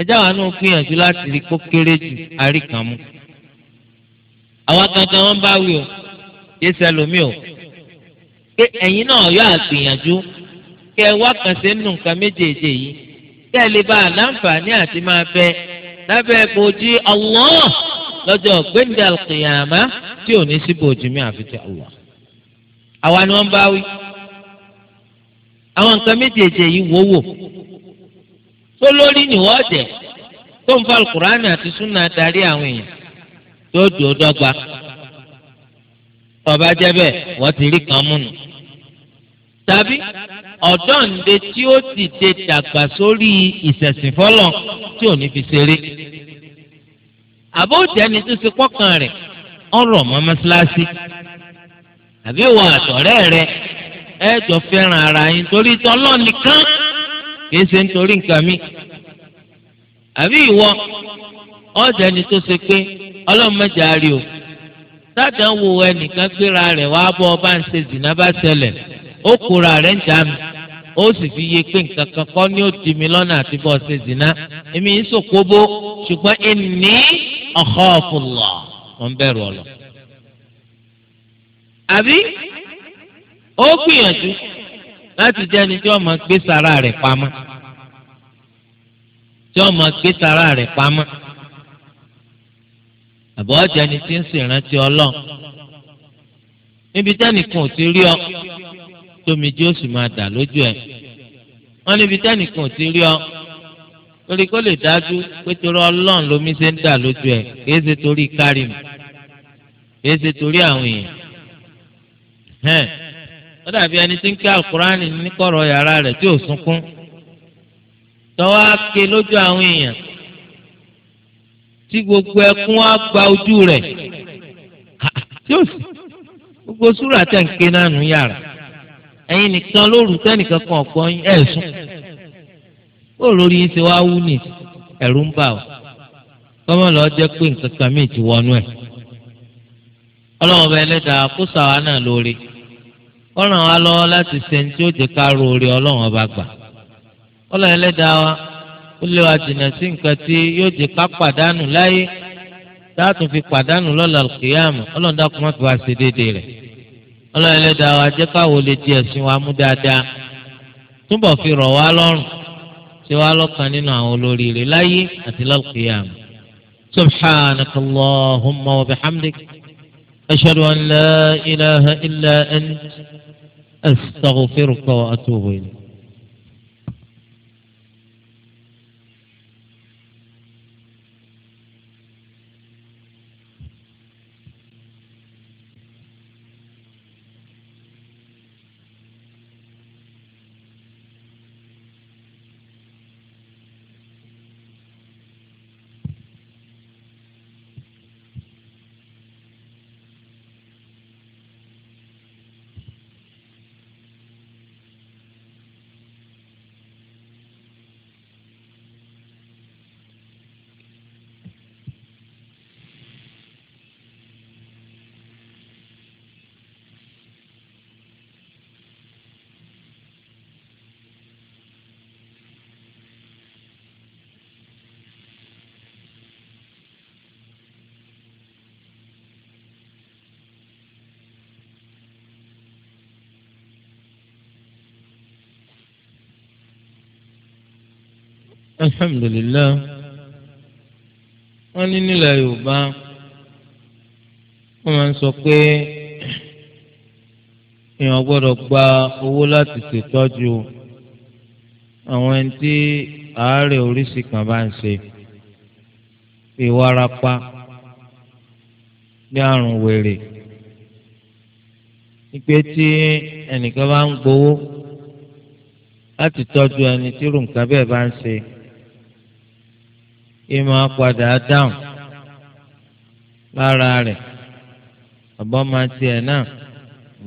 Speaker 1: ẹjá wa náà gbìyànjú láti rí kó kéré jù àríkàmú àwa gangan wọn bá wí o yé sẹlòmíì o pé ẹ̀yin náà yọ àgbìyànjú kẹ wá kàn sí nù nǹkan méjèèjì yìí kẹ lè bá a láǹfààní àti máa bẹ lábẹ́ bòjì Allah lọ́jọ́ gbẹ̀ndé alqiyama tí ò ní síbò jùmí àfi ti Allah. àwa ni wọ́n bá wí. àwọn nǹkan méjèèjì yìí wò wò. tó lórí ni wọ́n tó ń fa alukur'ani àti sunna darí àwọn èèyàn tó dùn ó dọ́gba. tọ́ba jẹ́ bẹ́ẹ̀ wọ́n ti rí kan múnu. tàbí ọ̀dọ́ǹde tí ó ti dé dàgbà sórí ìṣẹ̀sìn fọ́lọ̀ tí ò ní fi ṣeré. abụ ẹni tó ṣe pọ́kàn rẹ̀ ọ̀rọ̀ mọ́ mọ́ṣáláṣí àbí ìwọ àtọ̀rẹ́ rẹ ẹ jọ fẹ́ràn ara yín torí tọ́lọ́ nìkan kìí ṣe nítorí nǹkan mi àbí ìwọ ọ̀dẹ̀ ni tó ṣe pé ọlọ́mọdé àárí o sádàn wo ẹnìkan gbéra rẹ̀ wá bọ́ ọba ń ṣe zìnnà bá ṣẹlẹ̀ ó kóra rẹ̀ ń jà mí ó sì fi yé pé nǹkan kan kọ́ ni ó di mi lọ́nà àti bọ́ ṣe zìnnà èmi ń sòkóbó ṣùgbọ́n ẹnì akhafullah wọn bẹ̀rù ọlọ. àbí ó gbìyànjú láti jẹ́ ẹni tí wọ́n máa gbé sàrà rẹ̀ pamọ́ tí wọ́n máa gbé sàrà rẹ̀ pamọ́ àbọ̀ ọ̀jẹ̀ ẹni tí ń ṣèrántí ọlọ́run níbi tẹ́nìkan ò ti rí ọ tómi jí máa dà lójú ẹ̀ wọ́n níbi tẹ́nìkan ò ti rí ọ torí kó lè dájú pé torí ọlọ́run lomi ṣe ń dà lójú ẹ̀ kìí ṣe torí kárí mi kìí ṣe torí àwọn èèyàn. ó dàbí ẹni tí ń ké àkùránì ní kọ̀rọ̀ yàrá rẹ̀ tí ò sunkún tọ́wọ́ ké lójú àwọn èèyàn tí gbogbo ẹkún á gba ojú rẹ̀ tí ó sì gbogbo súrà tẹ̀ ń ké náà yàrá ẹ̀yin nìkan lóru tẹ́nìkan kan ọ̀pọ̀ ẹ̀sùn ó lórí yín ti wá wú ni ẹ̀rù ń bà ọ́ kọ́mọ́ lọ́ọ́ jẹ́ pé nǹkan kan míì ti wọnú ẹ̀ ọlọ́run ọba ẹlẹ́dàá kó sàwa náà lóore ó ràn wá lọ́wọ́ láti sẹ́ni tí ó jẹ́ ká roore ọlọ́run ọba gbà ọlọ́run ẹlẹ́dàá wa ó lé wa jìnnà sí nǹkan tí yóò jẹ́ ká pàdánù láyé dáàtún fi pàdánù lọ́la kìyàmù ọlọ́run dákun má fi wá ṣe déédéé rẹ̀ ọlọ́run ẹlẹ́dàá wa jẹ́ káwọ́ lè di ẹ̀sìn wa mú dáadáa túbọ̀ fi rọ̀ wá lọ́rùn ṣe wá lọ́kàn nínú àwọn olóríire láyé àti lálùkìyàmù. سبحانك اللهم وبحمدك أشهد أن لا إله إلا أنت
Speaker 2: أستغفرك
Speaker 1: وأتوب إليك alhamdulilayi wọ́n ní nílẹ̀ yorùbá wọ́n máa ń sọ pé èèyàn gbọ́dọ̀ gba owó láti ṣètọ́jú àwọn ẹni tí àárẹ̀ oríṣi kan bá ń ṣe bí bí àrùn wèrè ìpè tí ẹnìkan bá ń gbowó láti tọ́jú ẹni tí ròǹkà bẹ́ẹ̀ bá ń ṣe ìmọ̀ padà dáhùn lára rẹ̀ ọ̀bọ máa tiẹ̀ náà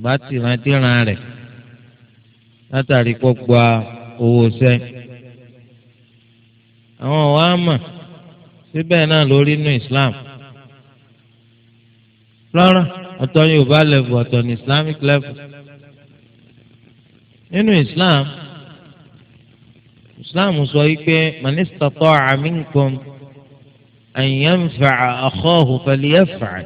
Speaker 1: bá tìrantìran rẹ̀ látàrí kó gba owó sẹ́. àwọn ọ̀wá mà síbẹ̀ náà lórí inú Islam lọ́rọ̀
Speaker 2: ọ̀tọ̀ Yorùbá level ọ̀tọ̀ ní Islamic level
Speaker 1: nínú Islam. Islam islam sọ من استطاع منكم minkum ينفع yanfa'a فليفعل falyaf'al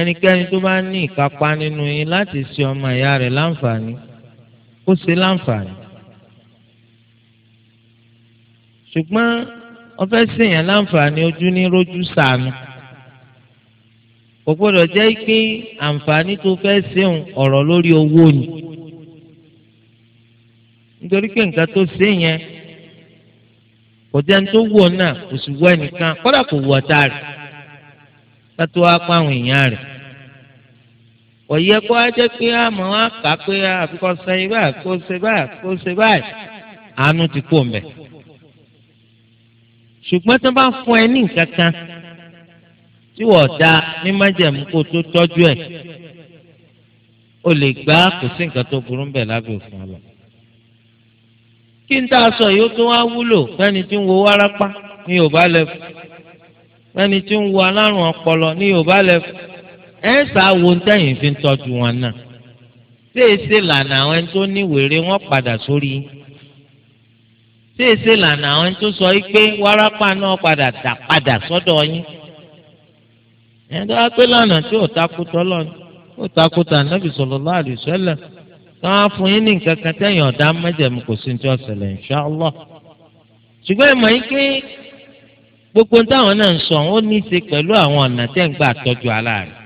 Speaker 1: ẹnikẹ́ni tó bá ní ìkápá nínú yín láti ṣe ọmọ ìyá rẹ̀ láǹfààní kó ṣe láǹfààní. ṣùgbọ́n ọfẹ́ ṣèyàn láǹfààní ojú ní rójú sànù kò gbọ́dọ̀ jẹ́ pé àǹfààní tó fẹ́ ṣeun ọ̀rọ̀ lórí owó ni nítorí pé nǹkan tó ṣe yẹn kò jẹ́ ní tó wù ọ́ náà kò sì wù ẹnìkan kódà kò wù ọ̀tá rẹ̀ kátó wá pa àwọn èèyàn rẹ̀ kò yẹ kó wá jẹ́ pé àmọ́ wá kà á pé àfikọ́ sẹ́yìn báyìí kó ṣe báyìí kó ṣe báyìí àánú ti kó mbẹ̀ ṣùgbọ́n tó bá fún ẹ ní nǹkan kan
Speaker 2: tí wọ́n da ní májẹ̀mú kó tó tọ́jú ẹ̀
Speaker 1: o lè gbà kò sí nǹkan tó burú mbẹ̀ lábẹ́ òfin ọlọ́run kí n tá a sọ yìí ó tún wá wúlò fẹ́ni tí ń wo wárápá ní yorùbá lẹ́fù fẹ́ni tí ń wo alárùn ọpọlọ ní yorùbá lẹ́fù ẹ̀ ń sá wo tẹ̀yìn fi ń tọ́jú wọn náà ṣéèṣe lànà àwọn ẹni tó ní wèrè wọn padà sórí ṣéèṣe lànà àwọn ẹni tó sọ yìí pé wárápá náà padà dà padà sọ́dọ̀ yín ẹni tó pé lánàá tí ò takùtọ̀ lọ́nà ò takùtà nàbì sallallahu káwọn fún yín ní nǹkan kan tẹ̀yìn ọ̀dá mẹ́jẹ̀mú kò sí ní ọ̀sẹ̀lẹ̀ insha Allah ṣùgbọ́n ìmọ̀ yín pé gbogbo táwọn náà ń sọ ó ní í ṣe pẹ̀lú àwọn ọ̀nà tẹ̀ ń gbà tọ́jú aláàrẹ̀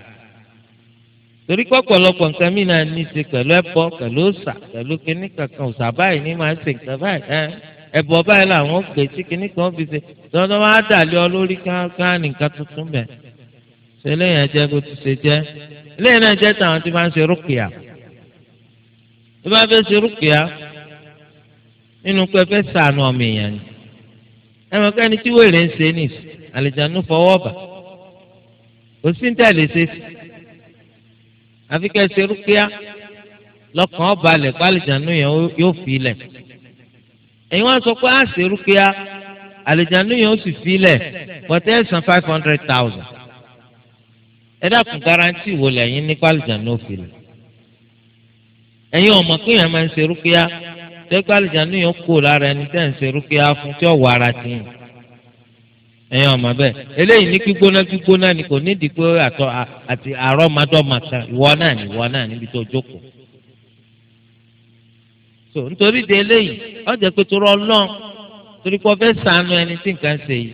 Speaker 1: torí pọ̀pọ̀lọpọ̀ nǹkan mí náà ní í ṣe pẹ̀lú ẹbọ pẹ̀lú òòṣà pẹ̀lú kínní kankan òòṣà báyìí ní máa ń ṣe nǹkan báyìí ẹbọ báyìí làwọn gbé tó bá fẹ́ ṣe rúkìá nínú pé fẹ́ sànù ọmọ èèyàn ni ẹ mọ̀ ká ẹni tí wèrè ń ṣe ní àlìjánu fọwọ́ bà kò sí ń tẹ̀lé ṣe sí àfi ká ṣe rúkìá lọ́kàn ọba alẹ̀ pálíjánu yẹn yóò fi ilẹ̀ ẹ̀yin wá sọ pé á ṣe rúkìá àlìjánu yẹn ó sì fi ilẹ̀ pọ̀tẹ́ ẹ̀sán five hundred thousand ẹ dákun garanti wo lẹ́yìn ní pálíjánu ó fi ilẹ̀ Eyin ọmọ pé ma máa ń ṣe rúkìá tẹ́gbà àlìjánu yẹn kú lára ẹni tẹ́ ń ṣe rúkìá fún tí ara ti yàn ẹ̀yin ọmọ bẹ́ẹ̀ eléyìí ní gbígbóná gbígbóná ni kò ní ìdí àtọ àti àrọ́mọdọ́mọ kan ìwọ náà ní ìwọ náà níbi tó jókòó so nítorí de eléyìí ọjà pé torọ lọ́n torí pé ọfẹ́ sànú ẹni tí nǹkan ṣe yìí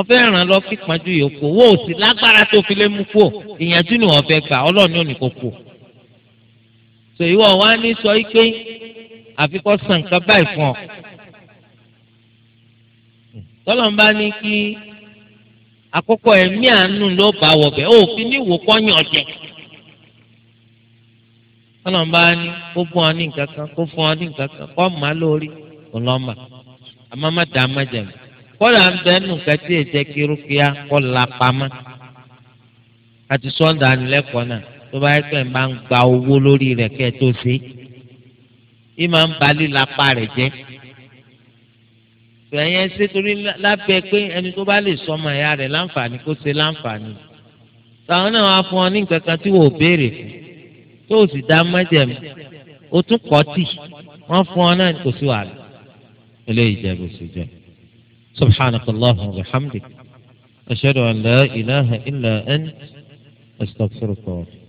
Speaker 1: ọfẹ́ lọ kí pàjù yòókù owó òsì lágbára tó fi lé mú ni so ìwọ wa ní sọ ike
Speaker 2: àfikọ́ san báyìí fún ọ
Speaker 1: tọ́lọ́mbà ní kí àkọ́kọ́ ẹ̀mí àánú ló bá wọ̀ bẹ́ẹ̀ òfin ní ìwò kọ́yìn ọ̀jẹ̀ tọ́lọ́mbà ní kó fún ọ ní nǹkan kan kó fún ọ ní nǹkan kan kó má lórí ọlọ́mà kọ́lá ń bẹ́ẹ̀ nù ẹ̀jẹ̀ tó bá yẹ pé máa ń gba owó lórí rẹ̀ kẹ́ tó ṣe é máa ń ba lílapa rẹ̀ jẹ́ tẹ̀yẹ ṣe torí lábẹ́ pé ẹni tó bá lè sọmọ ẹ̀yà rẹ̀ láǹfààní kó ṣe láǹfààní táwọn náà wá fún ọ ní nǹkan kan tí wò ó béèrè fún tó o sì dá mẹ́jẹ̀mú o tún kọ́ tì wọ́n fún ọ náà kò sí wàhálà eléyìí jẹ́ bó ṣe jẹ́ subhanaka allahumma wa bihamdik ashhadu an
Speaker 3: la ilaha illa ant astaghfiruka.